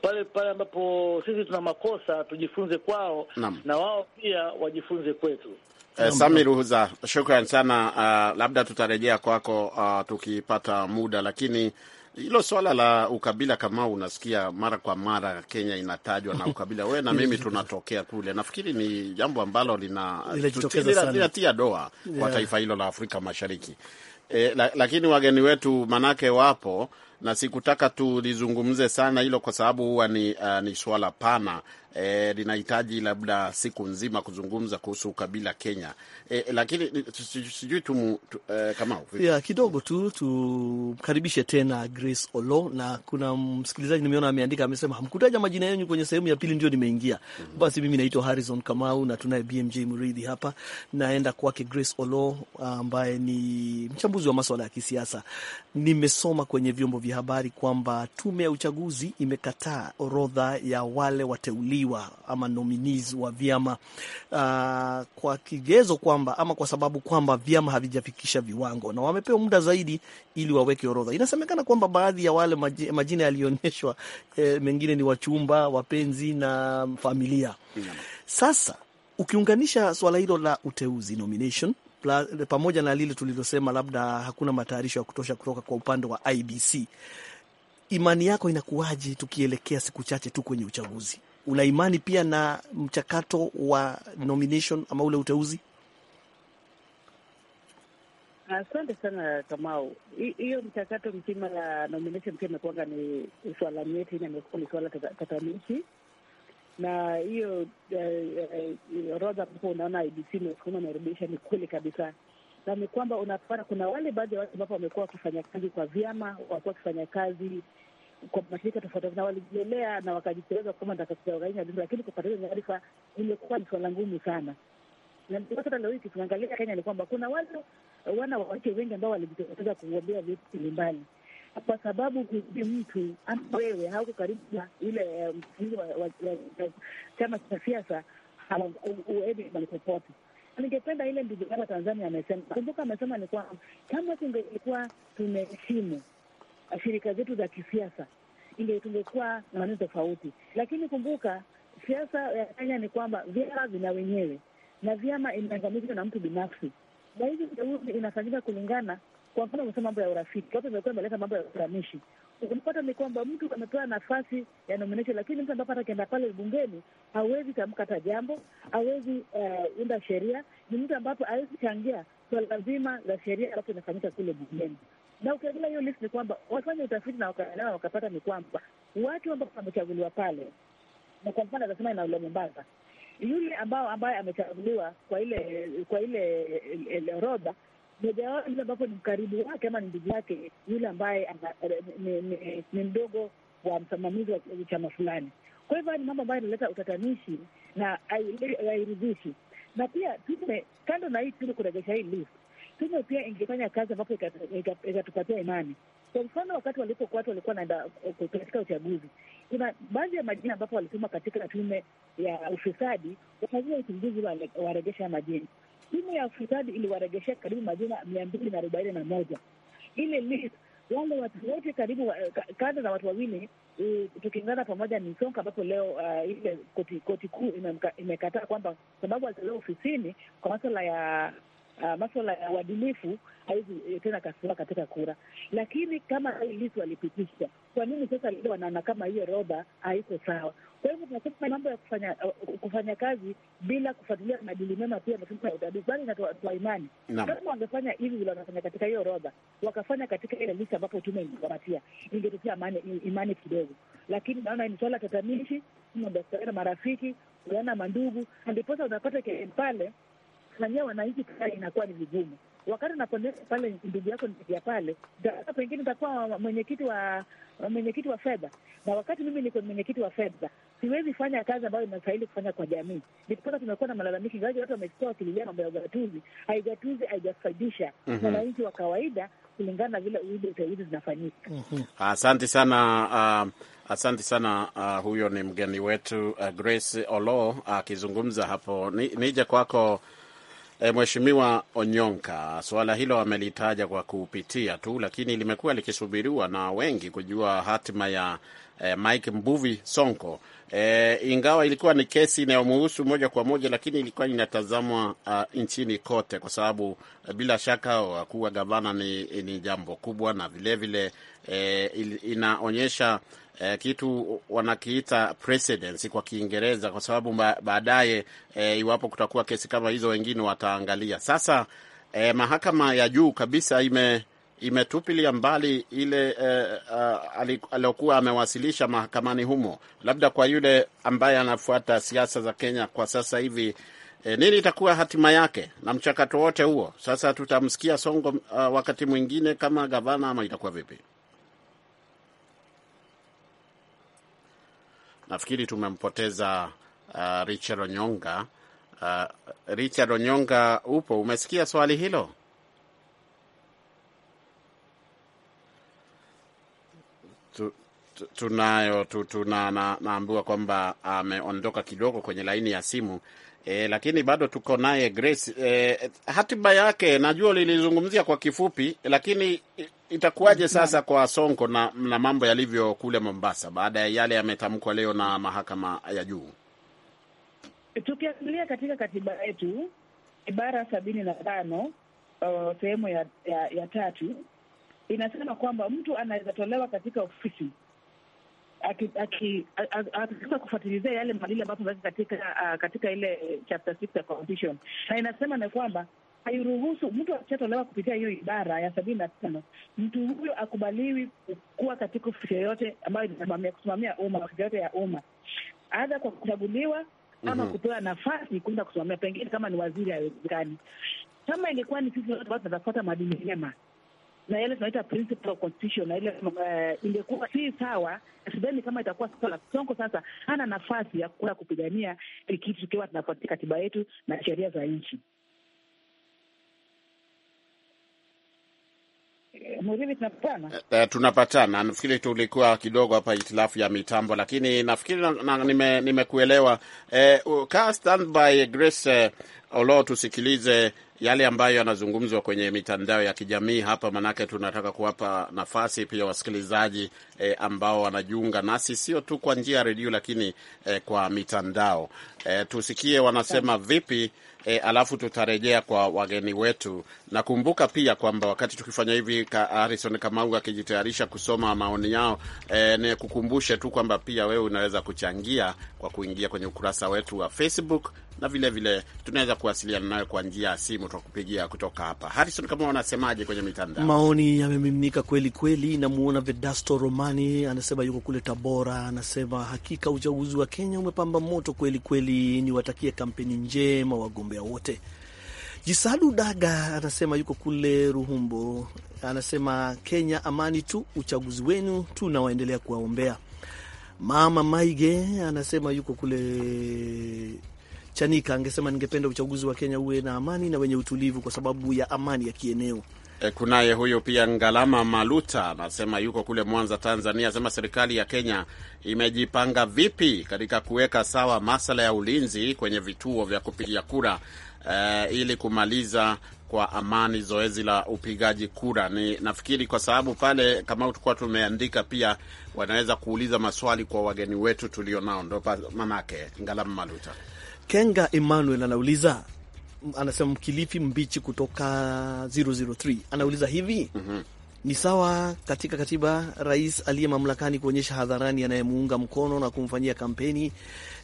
pale pale ambapo sisi tuna makosa tujifunze kwao, naam, na wao pia wajifunze kwetu. Eh, Sami Ruhuza, shukran sana. Uh, labda tutarejea kwako uh, tukipata muda, lakini hilo swala la ukabila kama unasikia mara kwa mara Kenya inatajwa na ukabila, wewe na mimi tunatokea kule. Nafikiri ni jambo ambalo linatia doa yeah, kwa taifa hilo la Afrika Mashariki eh, la, lakini wageni wetu manake wapo na sikutaka tulizungumze sana hilo kwa sababu huwa ni, uh, ni swala pana e, linahitaji labda siku nzima kuzungumza kuhusu ukabila Kenya e, lakini sijui tu e, kama yeah, kidogo tu tukaribishe tena Grace Olo, na kuna msikilizaji nimeona ameandika amesema, hamkutaja majina yenu kwenye sehemu ya pili, ndio nimeingia. mm -hmm. Basi mimi naitwa Harrison Kamau na tunaye BMJ Mridhi hapa, naenda kwake Grace Olo ambaye ni mchambuzi wa maswala ya kisiasa. Nimesoma kwenye vyombo vya vya habari kwamba tume ya uchaguzi imekataa orodha ya wale wateuliwa ama nominees wa vyama uh, kwa kigezo kwamba ama kwa sababu kwamba vyama havijafikisha viwango, na wamepewa muda zaidi ili waweke orodha. Inasemekana kwamba baadhi ya wale majina yaliyoonyeshwa eh, mengine ni wachumba, wapenzi na familia. Sasa ukiunganisha swala hilo la uteuzi nomination pamoja na lile tulilosema labda hakuna matayarisho ya kutosha kutoka kwa upande wa IBC, imani yako inakuwaje tukielekea siku chache tu kwenye uchaguzi? Una imani pia na mchakato wa nomination ama ule uteuzi? Asante sana Kamau. Hiyo mchakato mzima la nomination pia imekuanga ni swala nyeti, imekuwa ni swala tatanishi na hiyo eh, eh, orodha ambapo unaona IBC imesukuma imerudisha ni kweli kabisa, na ni kwamba unapata kuna wale baadhi ya watu ambapo wamekuwa wakifanya kazi kwa vyama, wamekuwa wakifanya kazi kwa mashirika tofauti na walijielea na wakajiteleza kwamba nitakaoganisha, lakini kupata hiyo nyarifa imekuwa ni swala ngumu sana. Hata leo hii tukiangalia Kenya ni kwamba kuna wale wana wake wengi ambao walijitokeza kugombea vitu mbalimbali kwa sababu hujui mtu ama wewe hauko karibu na ile msingi um, wa chama cha siasa, uendi mali popote. Ningependa ile ndugu yangu Tanzania amesema, kumbuka, amesema ni kwamba kama tungekuwa tumeheshimu shirika zetu za kisiasa ile tungekuwa na maneno tofauti, lakini kumbuka siasa ya Kenya ni kwamba vyama vina wenyewe na vyama inaangamizwa na mtu binafsi, na hivi uteuzi inafanyika kulingana kwa mfano kusema mambo ya urafiki, watu wamekuwa wameleta mambo ya utatanishi. Unapata ni kwamba mtu amepewa nafasi ya nomination, lakini mtu ambapo hata akienda pale bungeni hawezi tamka hata jambo, hawezi eh, unda sheria. Ni mtu ambapo hawezi changia swala zima la sheria ambapo inafanyika kule bungeni. Na ukiangalia hiyo list, ni kwamba wafanya utafiti na wakaelewa, wakapata ni kwamba watu ambao wamechaguliwa pale, na kwa mfano atasema ule Mombasa, yule ambao ambaye amechaguliwa kwa ile kwa ile eh, eh, orodha wao yule ambapo ni mkaribu wake ama ni ndugu yake yule ambaye eh, ni mdogo wa msimamizi wa chama fulani. Kwa hivyo ni mambo ambayo inaleta utatanishi na hairidhishi. Na pia tume, kando na hii tume kuregesha hii list, tume pia ingefanya kazi ambapo ikatupatia imani. Kwa mfano, wakati walipokuwa watu walikuwa naenda eh, katika uchaguzi, kuna baadhi ya majina ambapo walituma katika tume ya ufisadi, wakafanya uchunguzi, waregesha majina Timu ya ufisadi iliwaregeshea karibu majina mia mbili na arobaini na moja ile list wale watu wote karibu kanda za watu wawili uh, tukiingana pamoja ni Sonko, ambapo leo uh, ile koti koti kuu imekataa kwamba sababu alitolewa ofisini kwa maswala ya uh, ah, maswala ya uadilifu haizi eh, tena kasiwa katika kura. Lakini kama Lissu walipitisha, kwa nini sasa leo wanaona kama hiyo roba haiko sawa? Kwa hivyo tunasema mambo ya kufanya uh, kufanya kazi bila kufuatilia maadili mema pia mafunzo ya udadisi, bali inatoa imani. Kama wangefanya hivi vile wanafanya katika hiyo roba, wakafanya katika ile lisi ambapo tume ingekamatia, ingetutia imani, kidogo. Lakini naona ni swala tatamishi, marafiki kuana mandugu, ndiposa unapata pale na nyewe wananchi kazi inakuwa ni vigumu. Wakati unapeleka pale ndugu yako nipitia pale aa, pengine utakuwa mwenyekiti wa mwenyekiti wa fedha, na wakati mimi niko mwenyekiti wa fedha siwezi fanya kazi ambayo inastahili kufanya kwa jamii. Nikipata tumekuwa na malalamiki ngawaji, watu wamekuwa wakililia mambo ya ugatuzi. Haigatuzi haijafaidisha mhm. wananchi mm -hmm. wa kawaida kulingana na vile uidi uteuzi zinafanyika. mm -hmm. Asante sana uh, asante sana uh, huyo ni mgeni wetu uh, Grace Olo akizungumza uh, hapo. Nije ni kwako e, Mheshimiwa Onyonka, suala hilo amelitaja kwa kupitia tu, lakini limekuwa likisubiriwa na wengi kujua hatima ya eh, Mike Mbuvi Sonko eh, ingawa ilikuwa ni kesi inayomuhusu moja kwa moja, lakini ilikuwa inatazamwa uh, nchini kote, kwa sababu uh, bila shaka uh, kuwa gavana ni, ni jambo kubwa na vilevile vile, eh, inaonyesha eh, kitu wanakiita precedence kwa Kiingereza, kwa sababu baadaye eh, iwapo kutakuwa kesi kama hizo, wengine wataangalia sasa. Eh, mahakama ya juu kabisa ime imetupilia mbali ile eh, uh, eh, aliyokuwa amewasilisha mahakamani humo. Labda kwa yule ambaye anafuata siasa za Kenya kwa sasa hivi eh, nini itakuwa hatima yake na mchakato wote huo? Sasa tutamsikia Songo uh, wakati mwingine kama gavana ama itakuwa vipi? Nafikiri tumempoteza uh, Richard Onyonga. Uh, Richard Onyonga, upo? Umesikia swali hilo? tu, tu, tunayo tu, naambiwa na, na kwamba ameondoka kidogo kwenye laini ya simu e, lakini bado tuko naye Grace. E, hatima yake najua lilizungumzia kwa kifupi, lakini itakuwaje sasa kwa Sonko na, na mambo yalivyo kule Mombasa baada ya yale yametamkwa leo na mahakama ya juu? Tukiangalia katika katiba yetu ibara sabini na tano uh, sehemu ya, ya, ya tatu inasema kwamba mtu anaweza tolewa katika ofisi akisa kufuatilizia yale madili ambapo katika katika ile chapter six ya constitution, na inasema ni kwamba hairuhusu mtu akishatolewa kupitia hiyo ibara ya sabini na tano, mtu huyo akubaliwi kuwa katika ofisi yoyote ambayo inasimamia kusimamia umma, ofisi yoyote ya umma, aidha kwa kuchaguliwa ama mhm. kupewa nafasi kuenda kusimamia, pengine kama ni waziri, haiwezekani. Kama ilikuwa ni sisi watu ambao tunatafuta maadili mema na yale tunaita principle constitution na ile uh, ingekuwa si sawa. Sidhani kama itakuwa la Sonko sasa hana nafasi ya kula kupigania kitu tukiwa tunafuatia katiba yetu na sheria za nchi. Uh, uh, tunapatana. Nafikiri tulikuwa kidogo hapa itilafu ya mitambo, lakini nafikiri na, nime, nimekuelewa. Eh, kaa standby Grace Olo, tusikilize yale ambayo yanazungumzwa kwenye mitandao ya kijamii hapa, manake tunataka kuwapa nafasi pia wasikilizaji e, ambao wanajiunga nasi sio tu kwa njia ya redio, lakini e, kwa mitandao e, tusikie wanasema vipi e, alafu tutarejea kwa wageni wetu. Nakumbuka pia kwamba wakati tukifanya hivi, ka Harrison Kamau akijitayarisha kusoma maoni yao e, ni kukumbushe tu kwamba pia wewe unaweza kuchangia kwa kuingia kwenye ukurasa wetu wa Facebook na vilevile tunaweza kuwasiliana nayo kwa njia ya simu, tukupigia kutoka hapa. Harison, kama wanasemaje kwenye mitandao? Maoni yamemiminika kweli kweli. Namuona Vedasto Romani anasema yuko kule Tabora, anasema hakika uchaguzi wa Kenya umepamba moto kweli kweli, ni watakie kampeni njema wagombea wote. Jisadu Daga anasema yuko kule Ruhumbo, anasema Kenya amani tu, uchaguzi wenu tunawaendelea kuwaombea. Mama Maige anasema yuko kule Chanika angesema ningependa uchaguzi wa Kenya uwe na amani na wenye utulivu kwa sababu ya amani ya kieneo. E, kunaye huyu pia Ngalama Maluta anasema yuko kule Mwanza, Tanzania. Anasema serikali ya Kenya imejipanga vipi katika kuweka sawa masala ya ulinzi kwenye vituo vya kupigia kura e, ili kumaliza kwa amani zoezi la upigaji kura. Ni nafikiri kwa sababu pale kama tukuwa tumeandika pia, wanaweza kuuliza maswali kwa wageni wetu tulionao, ndo manake Ngalama Maluta Kenga Emmanuel anauliza anasema mkilifi mbichi kutoka 003 anauliza hivi mm -hmm. Ni sawa katika katiba rais aliye mamlakani kuonyesha hadharani anayemuunga mkono na kumfanyia kampeni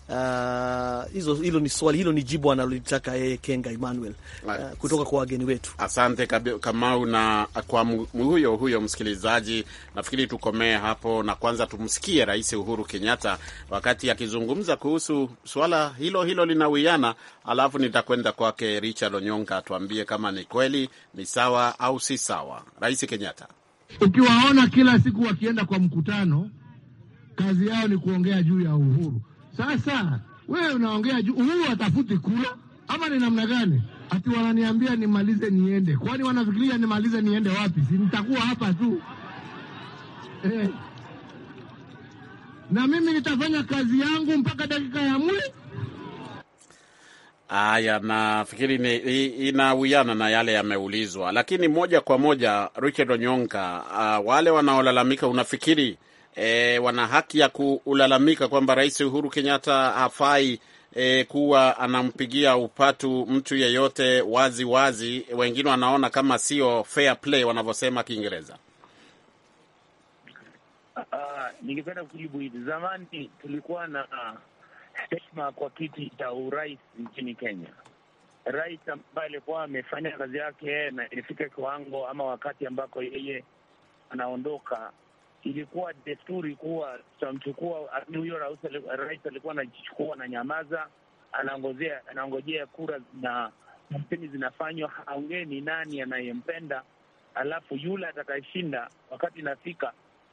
Uh, hizo uh, hilo ni swali, hilo ni jibu analolitaka yeye Kenga Emmanuel uh, kutoka kwa wageni wetu. Asante Kamau. Na kwa huyo huyo msikilizaji, nafikiri tukomee hapo, na kwanza tumsikie Rais Uhuru Kenyatta wakati akizungumza kuhusu swala hilo hilo linawiana, alafu nitakwenda kwake Richard Onyonga atuambie kama ni kweli ni sawa au si sawa. Rais Kenyatta: ukiwaona kila siku wakienda kwa mkutano, kazi yao ni kuongea juu ya uhuru sasa wewe unaongea juu huyu watafuti kula ama ni namna gani? Ati wananiambia nimalize niende, kwani wanafikiria nimalize niende wapi? Si nitakuwa hapa tu eh. Na mimi nitafanya kazi yangu mpaka dakika ya mwi. Haya, nafikiri inawiana na yale yameulizwa, lakini moja kwa moja Richard Onyonka, uh, wale wanaolalamika unafikiri e, wana haki ya kulalamika kwamba Rais Uhuru Kenyatta hafai e, kuwa anampigia upatu mtu yeyote wazi wazi. Wengine wanaona kama sio fair play wanavyosema Kiingereza. Uh, ningependa kujibu hivi. Zamani tulikuwa na heshima kwa kiti cha urais nchini Kenya. Rais ambaye alikuwa amefanya kazi yake na ilifika kiwango ama wakati ambako yeye anaondoka, ilikuwa desturi kuwa tutamchukua huyo rais, alikuwa anajichukua na nyamaza, anaongojea kura na kampeni zinafanywa, haongee ni nani anayempenda, alafu yule atakayeshinda, wakati inafika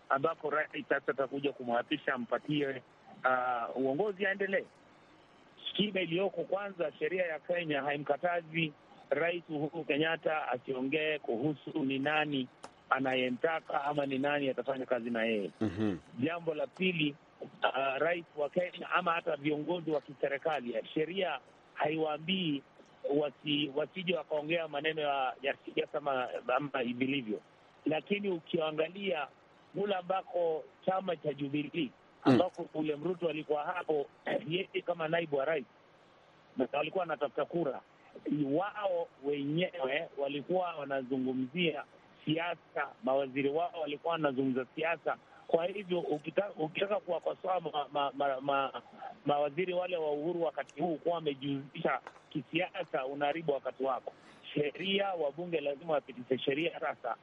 ambako rais sasa atakuja kumwapisha ampatie uh, uongozi aendelee. Shida iliyoko kwanza, sheria ya Kenya haimkatazi rais Uhuru Kenyatta asiongee kuhusu ni nani anayemtaka ama ni nani atafanya kazi na yeye. mm -hmm. Jambo la pili, uh, rais wa Kenya ama hata viongozi wa kiserikali, sheria haiwaambii wasi, wasije wakaongea maneno ya siasa ama vilivyo, lakini ukiangalia kule ambako chama cha Jubilii hmm. ambako ule Mruto alikuwa hapo, yeye kama naibu wa rais walikuwa wanatafuta kura, wao wenyewe walikuwa wanazungumzia siasa, mawaziri wao walikuwa wanazungumza siasa. Kwa hivyo ukitaka kuwakosoa ma, ma, ma, ma, mawaziri wale wa Uhuru wakati huu kuwa wamejihusisha kisiasa, unaharibu wakati wako. Sheria, wabunge lazima wapitishe sheria sasa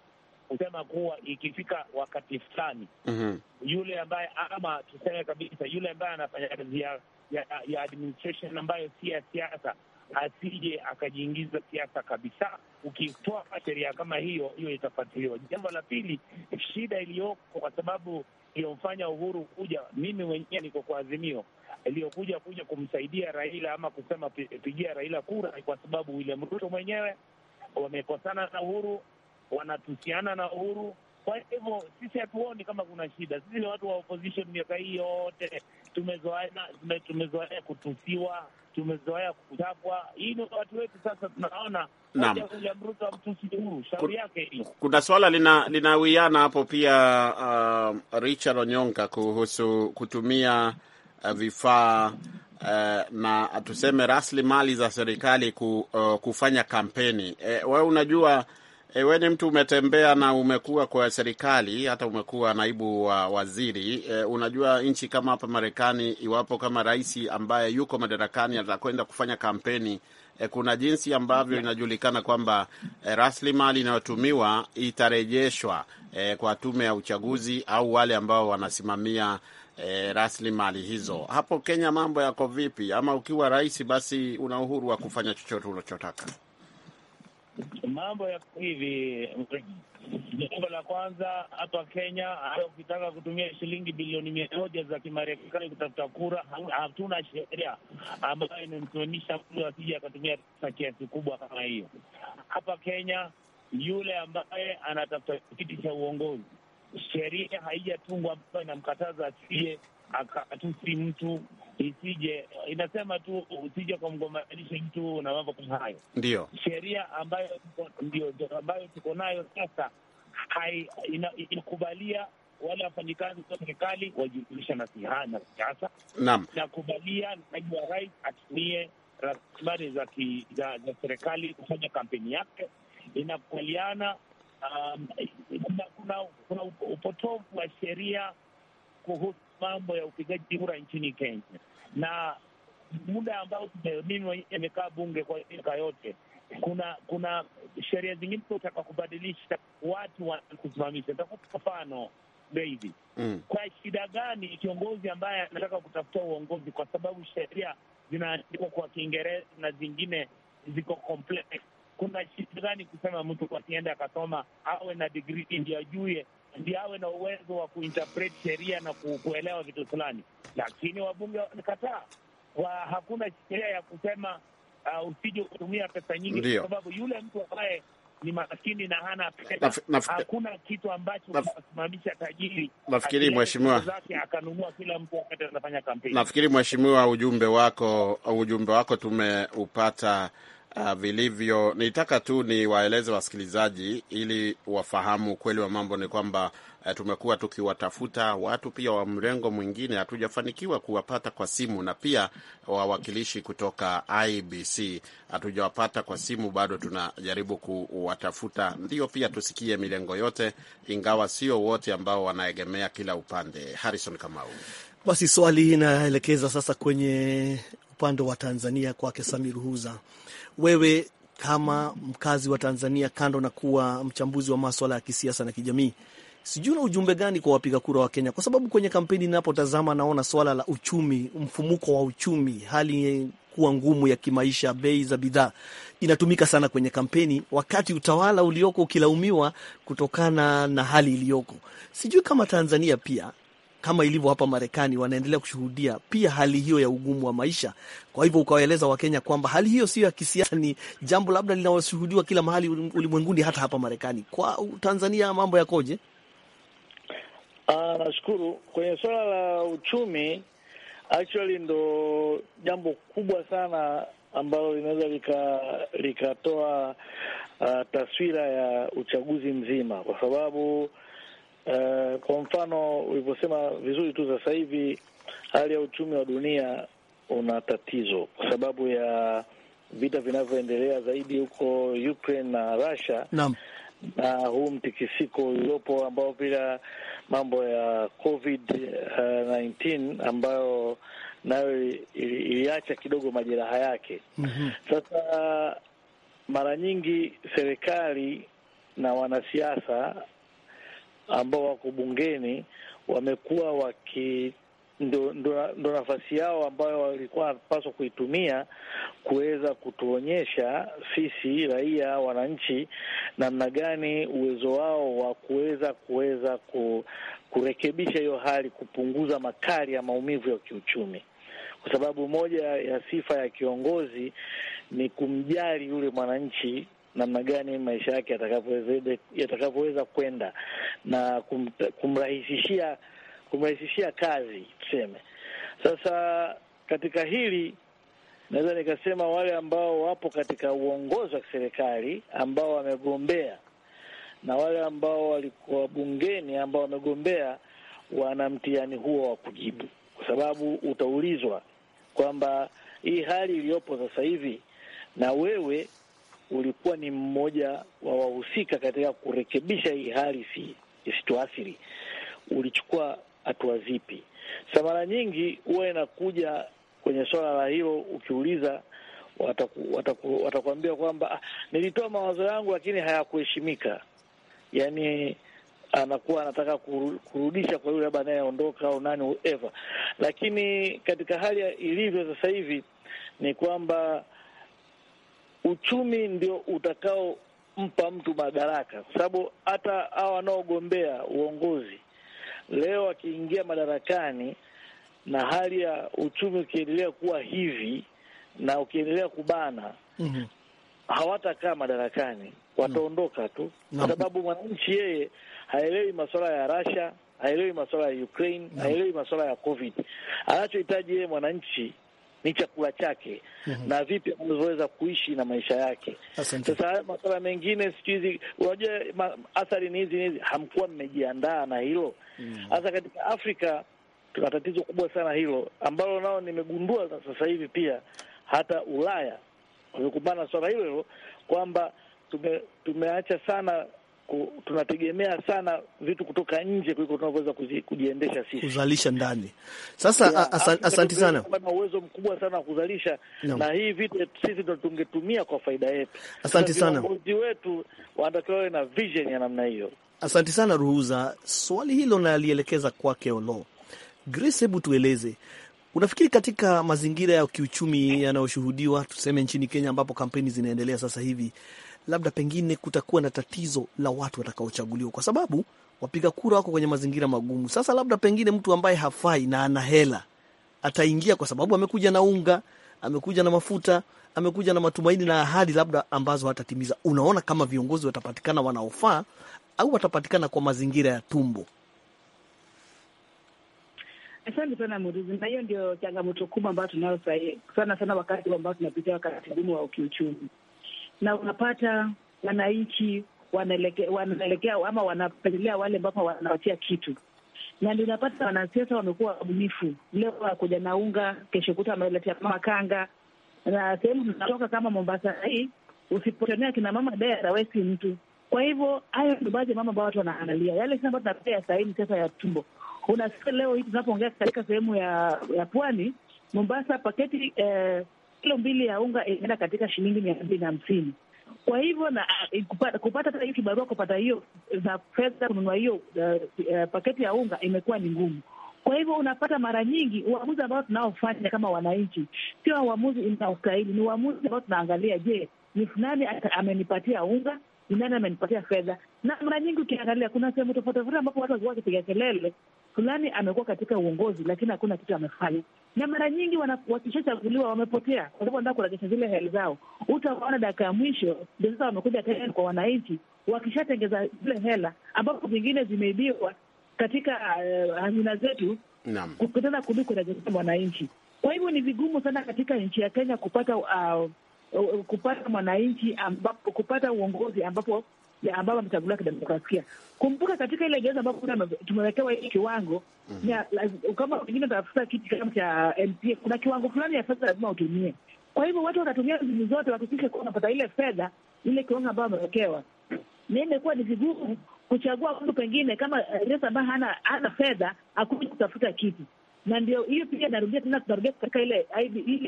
kusema kuwa ikifika wakati fulani mm -hmm. yule ambaye ama tuseme kabisa, yule ambaye anafanya kazi ya, ya, ya administration ambayo si ya siasa asije akajiingiza siasa kabisa. Ukitoa sheria kama hiyo, hiyo itafuatiliwa. Jambo la pili, shida iliyoko kwa sababu iliyomfanya Uhuru kuja, mimi mwenyewe niko kwa Azimio, iliyokuja kuja kumsaidia Raila ama kusema pigia Raila kura ni kwa sababu William Ruto mwenyewe wamekosana na Uhuru, wanatusiana na Uhuru. Kwa hivyo sisi hatuoni kama kuna shida. Sisi ni watu wa opposition miaka hii yote tumezoea, tumezoea kutusiwa tumezoea kuchapwa. Hii ndio watu wetu sasa, tunaona kuna swala lina linawiana hapo pia, uh, Richard Onyonka kuhusu kutumia uh, vifaa uh, na tuseme rasilimali za serikali ku, uh, kufanya kampeni. Uh, wewe unajua Eh, we ni mtu umetembea na umekuwa kwa serikali, hata umekuwa naibu wa waziri e, unajua nchi kama hapa Marekani, iwapo kama rais ambaye yuko madarakani atakwenda kufanya kampeni e, kuna jinsi ambavyo inajulikana kwamba e, rasilimali inayotumiwa itarejeshwa e, kwa tume ya uchaguzi au wale ambao wanasimamia e, rasilimali hizo. Hapo Kenya mambo yako vipi? Ama ukiwa rais basi una uhuru wa kufanya chochote unachotaka? Mambo ya hivi, jambo la kwanza hapa Kenya, hata ukitaka kutumia shilingi bilioni mia moja za Kimarekani kutafuta kura, hatuna sheria ambayo inamsimamisha mtu asije akatumia pesa kiasi kubwa kama hiyo. Hapa Kenya, yule ambaye anatafuta kiti cha uongozi, sheria haijatungwa ambayo inamkataza asije akatusi mtu isije inasema tu usije kumgombanisha mtu na mambo kama hayo. Ndio sheria ambayo ndio ambayo tuko nayo sasa, inakubalia wale wafanyikazi wa serikali wajishughulisha na siasa, inakubalia naibu wa rais atumie rasilimali za za serikali kufanya kampeni yake, inakubaliana. Um, kuna upotovu wa sheria kuhusu mambo ya upigaji kura nchini Kenya, na muda ambao mimi nimekaa bunge kwa miaka yote, kuna kuna sheria zingine utaka kubadilisha, watu wanakusimamisha. Nitakupa mfano David. Mm. Kwa shida gani kiongozi ambaye anataka kutafuta uongozi, kwa sababu sheria zinaandikwa kwa Kiingereza na zingine ziko complex. Kuna shida gani kusema mtu akienda akasoma awe na digri ndio ajue ndio awe na uwezo wa kuinterpret sheria na kuelewa vitu fulani, lakini wabunge wamekataa wa, hakuna sheria ya kusema uh, usije kutumia pesa nyingi, kwa sababu yule mtu ambaye ni maskini na hana pesa, hakuna kitu ambacho kinasimamisha tajiri. Nafikiri mheshimiwa zake akanunua kila mtu wakati anafanya kampeni. Nafikiri mheshimiwa, ujumbe wako ujumbe wako tumeupata uh, vilivyo. Nitaka tu niwaeleze wasikilizaji ili wafahamu ukweli wa mambo ni kwamba uh, tumekuwa tukiwatafuta watu pia wa mrengo mwingine, hatujafanikiwa kuwapata kwa simu, na pia wawakilishi kutoka IBC hatujawapata kwa simu, bado tunajaribu kuwatafuta, ndio pia tusikie milengo yote, ingawa sio wote ambao wanaegemea kila upande. Harrison Kamau. Basi swali inaelekeza sasa kwenye upande wa Tanzania kwake Samir Huza, wewe kama mkazi wa Tanzania, kando na kuwa mchambuzi wa maswala ya kisiasa na kijamii, sijui una ujumbe gani kwa wapiga kura wa Kenya? Kwa sababu kwenye kampeni ninapotazama, naona swala la uchumi, mfumuko wa uchumi, hali kuwa ngumu ya kimaisha, bei za bidhaa inatumika sana kwenye kampeni, wakati utawala ulioko ukilaumiwa kutokana na hali iliyoko. Sijui kama Tanzania pia kama ilivyo hapa Marekani, wanaendelea kushuhudia pia hali hiyo ya ugumu wa maisha. Kwa hivyo ukawaeleza Wakenya kwamba hali hiyo sio ya kisiasa, ni jambo labda linaloshuhudiwa kila mahali ulimwenguni, hata hapa Marekani. Kwa Tanzania mambo yakoje? Ah, nashukuru. Kwenye suala la uchumi, actually ndo jambo kubwa sana ambalo linaweza likatoa lika uh, taswira ya uchaguzi mzima, kwa sababu Uh, kwa mfano ulivyosema vizuri tu, sasa hivi hali ya uchumi wa dunia una tatizo kwa sababu ya vita vinavyoendelea zaidi huko Ukraine na Russia Naam. na huu mtikisiko uliopo ambao bila mambo ya Covid 19 ambayo nayo iliacha kidogo majeraha yake. mm -hmm. Sasa mara nyingi serikali na wanasiasa ambao wako bungeni wamekuwa waki ndo, ndo, ndo nafasi yao ambayo walikuwa wanapaswa kuitumia kuweza kutuonyesha sisi raia wananchi namna gani uwezo wao wa kuweza kuweza kurekebisha hiyo hali, kupunguza makali ya maumivu ya kiuchumi, kwa sababu moja ya sifa ya kiongozi ni kumjali yule mwananchi namna gani maisha yake yatakavyoweza kwenda na kum, kumrahisishia kumrahisishia kazi tuseme. Sasa katika hili naweza nikasema wale ambao wapo katika uongozi wa kiserikali ambao wamegombea na wale ambao walikuwa bungeni ambao wamegombea wana mtihani huo wa kujibu, kwa sababu utaulizwa kwamba hii hali iliyopo sasa hivi na wewe ulikuwa ni mmoja wa wahusika katika kurekebisha hii hali si isituathiri, ulichukua hatua zipi? Sa mara nyingi huwa inakuja kwenye swala la hilo, ukiuliza wataku, wataku, watakuambia kwamba ah, nilitoa mawazo yangu lakini hayakuheshimika. Yani anakuwa anataka kurudisha kwa yule labda anayeondoka au nani ever, lakini katika hali ilivyo sasa hivi ni kwamba uchumi ndio utakaompa mtu madaraka, kwa sababu hata hawa wanaogombea uongozi leo wakiingia madarakani na hali ya uchumi ukiendelea kuwa hivi na ukiendelea kubana mm -hmm. Hawatakaa madarakani, wataondoka tu mhm. kwa sababu mwananchi yeye haelewi masuala ya Russia, haelewi masuala ya Ukraine no. Mhm. haelewi masuala ya Covid. Anachohitaji yeye mwananchi ni chakula chake mm -hmm. na vipi anavyoweza kuishi na maisha yake. Sasa haya masuala mengine siku hizi, unajua athari ni hizi hizi, hamkuwa mmejiandaa na hilo mhm. hasa mm -hmm. katika Afrika tuna tatizo kubwa sana hilo ambalo nao nimegundua sasa hivi pia hata Ulaya wamekumbana na swala hilo hilo kwamba tume, tumeacha sana tunategemea sana vitu kutoka nje kuliko tunavyoweza kujiendesha sisi kuzalisha ndani. Sasa yeah, asanti sana na uwezo mkubwa sana wa kuzalisha no. na hii vitu sisi ndo tungetumia kwa faida yetu. Asante sana, viongozi wetu wanatakiwa wawe na vision ya namna hiyo. Asante sana Ruhuza, swali hilo nalielekeza kwake Olo Grace, hebu tueleze Unafikiri katika mazingira ya kiuchumi yanayoshuhudiwa tuseme nchini Kenya, ambapo kampeni zinaendelea sasa hivi, labda pengine kutakuwa na tatizo la watu watakaochaguliwa, kwa sababu wapiga kura wako kwenye mazingira magumu. Sasa labda pengine mtu ambaye hafai na ana hela ataingia, kwa sababu amekuja na unga, amekuja na mafuta, amekuja na matumaini na ahadi labda ambazo hatatimiza. Unaona kama viongozi watapatikana wanaofaa au watapatikana kwa mazingira ya tumbo? Asante sana Murizi, na hiyo ndio changamoto kubwa ambayo tunayo sana sana, wakati ambao tunapitia wakati gumu wa kiuchumi na unapata wananchi wanaelekea ama wanapendelea wale ambapo wanawatia kitu, na ninapata wanasiasa wamekuwa wabunifu. Leo wakuja na unga, kesho kuta wameletea makanga, na sehemu tunatoka kama Mombasa hii, usipotemea kina mama dae arawesi mtu. Kwa hivyo hayo ndio baadhi ya mambo ambayo watu wanaangalia, yale ambayo tunapea saa hii ni siasa ya tumbo. Unasikia leo hii tunapoongea katika sehemu ya ya pwani Mombasa paketi eh, kilo mbili ya unga inaenda katika shilingi mia mbili na hamsini kwa hivyo na ah, eh, kupata, kupata hii kibarua kupata hiyo eh, za fedha kununua hiyo uh, uh, paketi ya unga imekuwa ni ngumu. Kwa hivyo unapata mara nyingi uamuzi ambao tunaofanya kama wananchi sio uamuzi unaostahili, ni uamuzi ambao tunaangalia, je, ni fulani amenipatia unga, ni nani amenipatia fedha? Na mara nyingi ukiangalia, kuna sehemu tofauti tofauti ambapo watu wakipiga kelele fulani amekuwa katika uongozi, lakini hakuna kitu amefanya na mara nyingi wakishachaguliwa wamepotea, kwa sababu wanataka kurejesha zile hali zao. Utawaona dakika ya mwisho ndio sasa wamekuja tena kwa wananchi, wakishatengeza zile hela ambapo zingine zimeibiwa katika eh, hazina uh, zetu tena kurudi kurejesha mwananchi. Kwa hivyo ni vigumu sana katika nchi ya Kenya kupata uh, kupata mwananchi ambapo kupata uongozi ambapo ya ambao wamechaguliwa kidemokrasia. Kumbuka katika ile gereza ambao tumewekewa hii kiwango mm -hmm. kama wengine utafuta kiti kama cha MP, kuna kiwango fulani ya fedha lazima utumie. Kwa hivyo watu watatumia mbinu zote wakikisha kuwa wanapata ile fedha, ile kiwango ambayo wamewekewa. Na imekuwa ni vigumu kuchagua mtu pengine kama gereza eh, ambaye hana hana fedha akuja kutafuta kiti na ndio hiyo pia narudia tena, tunarudia katika ile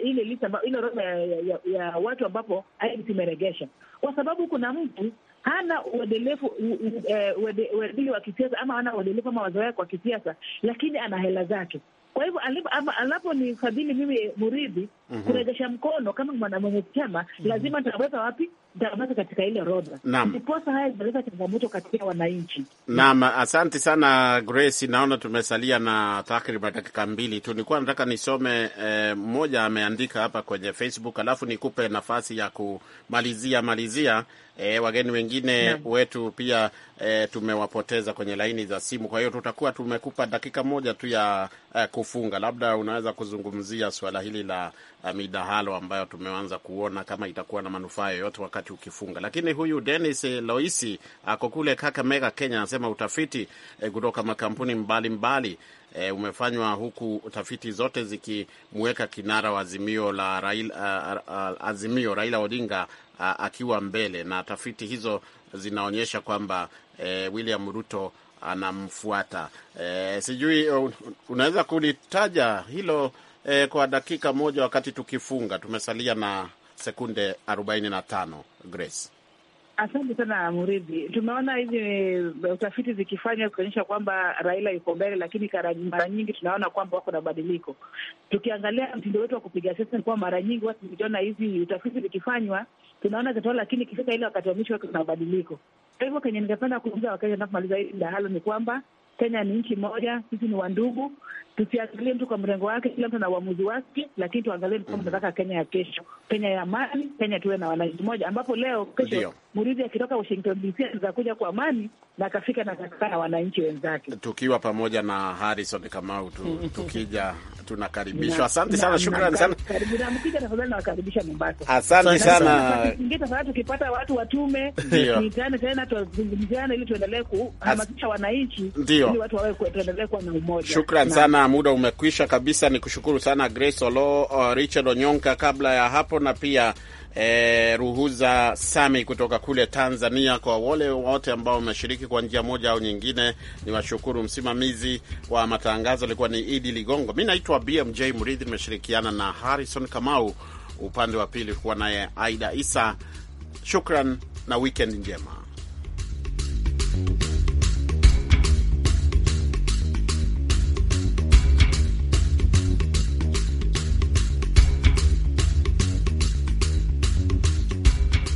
ile lista ile orodha ya, ya, ya watu ambapo IEBC imeregesha, kwa sababu kuna mtu hana uadilifu e, uadili wa kisiasa ama hana uadilifu ama mawazo yake wa kisiasa, lakini ana hela zake. Kwa hivyo anaponifadhili mimi muridhi mm mkono kama mwana mwenye chama mm -hmm. lazima nitaweka wapi? Nitaweka katika ile orodha, ndiposa haya zinaleta changamoto katika wananchi. Naam, asante sana Grace. Naona tumesalia na takriban dakika mbili tu, nilikuwa nataka nisome eh, mmoja eh, ameandika hapa kwenye Facebook, alafu nikupe nafasi ya kumalizia malizia E, wageni wengine yeah, wetu pia e, tumewapoteza kwenye laini za simu, kwa hiyo tutakuwa tumekupa dakika moja tu ya e, kufunga. Labda unaweza kuzungumzia suala hili la Eh, midahalo ambayo tumeanza kuona kama itakuwa na manufaa yoyote wakati ukifunga. Lakini huyu denis eh, Loisi ako kule Kakamega, Kenya, anasema utafiti eh, kutoka makampuni mbalimbali mbali, umefanywa huku tafiti zote zikimweka kinara wa azimio la Raila, azimio Raila Odinga akiwa mbele na tafiti hizo zinaonyesha kwamba William Ruto anamfuata. sijui unaweza kulitaja hilo e, kwa dakika moja wakati tukifunga, tumesalia na sekunde 45 Grace, asante sana Muridhi. Tumeona hizi eh, utafiti zikifanywa kuonyesha kwamba Raila yuko mbele, lakini mara nyingi tunaona kwamba wako na badiliko. Tukiangalia mtindo wetu wa kupiga siasa, kuwa mara nyingi watu tukiona hizi utafiti zikifanywa tunaona zitoa, lakini ikifika ile wakati wa mwisho wake kuna mabadiliko. Kwa hivyo kenye ningependa kuuliza wakati anapomaliza hili dahalo ni kwamba Kenya ni nchi moja, sisi ni wandugu. Tusiangalie mtu kwa mrengo wake, kila mtu na uamuzi wake, lakini tuangalie mm, -hmm. tunataka Kenya ya kesho, Kenya ya amani, Kenya tuwe na wananchi moja, ambapo leo kesho Murithi akitoka Washington DC anaweza kuja kwa amani na akafika na kakaa na wananchi wenzake, tukiwa pamoja na Harrison Kamau tu, tukija tunakaribishwa. Asante sana, shukrani sana, Asante sana, tukipata watu watume nitane tuzungumziane, ili tuendelee kuhamasisha wananchi ndio ndio shukran na sana, muda umekwisha kabisa. Ni kushukuru sana Grace Olo, uh, Richard Onyonka kabla ya hapo na pia eh, Ruhuza Sami kutoka kule Tanzania. Kwa wale wote ambao wameshiriki kwa njia moja au nyingine, ni washukuru. Msimamizi wa matangazo alikuwa ni Idi Ligongo, mi naitwa BMJ Mridhi, nimeshirikiana na Harrison Kamau, upande wa pili kuwa naye Aida Isa. Shukran na wikend njema.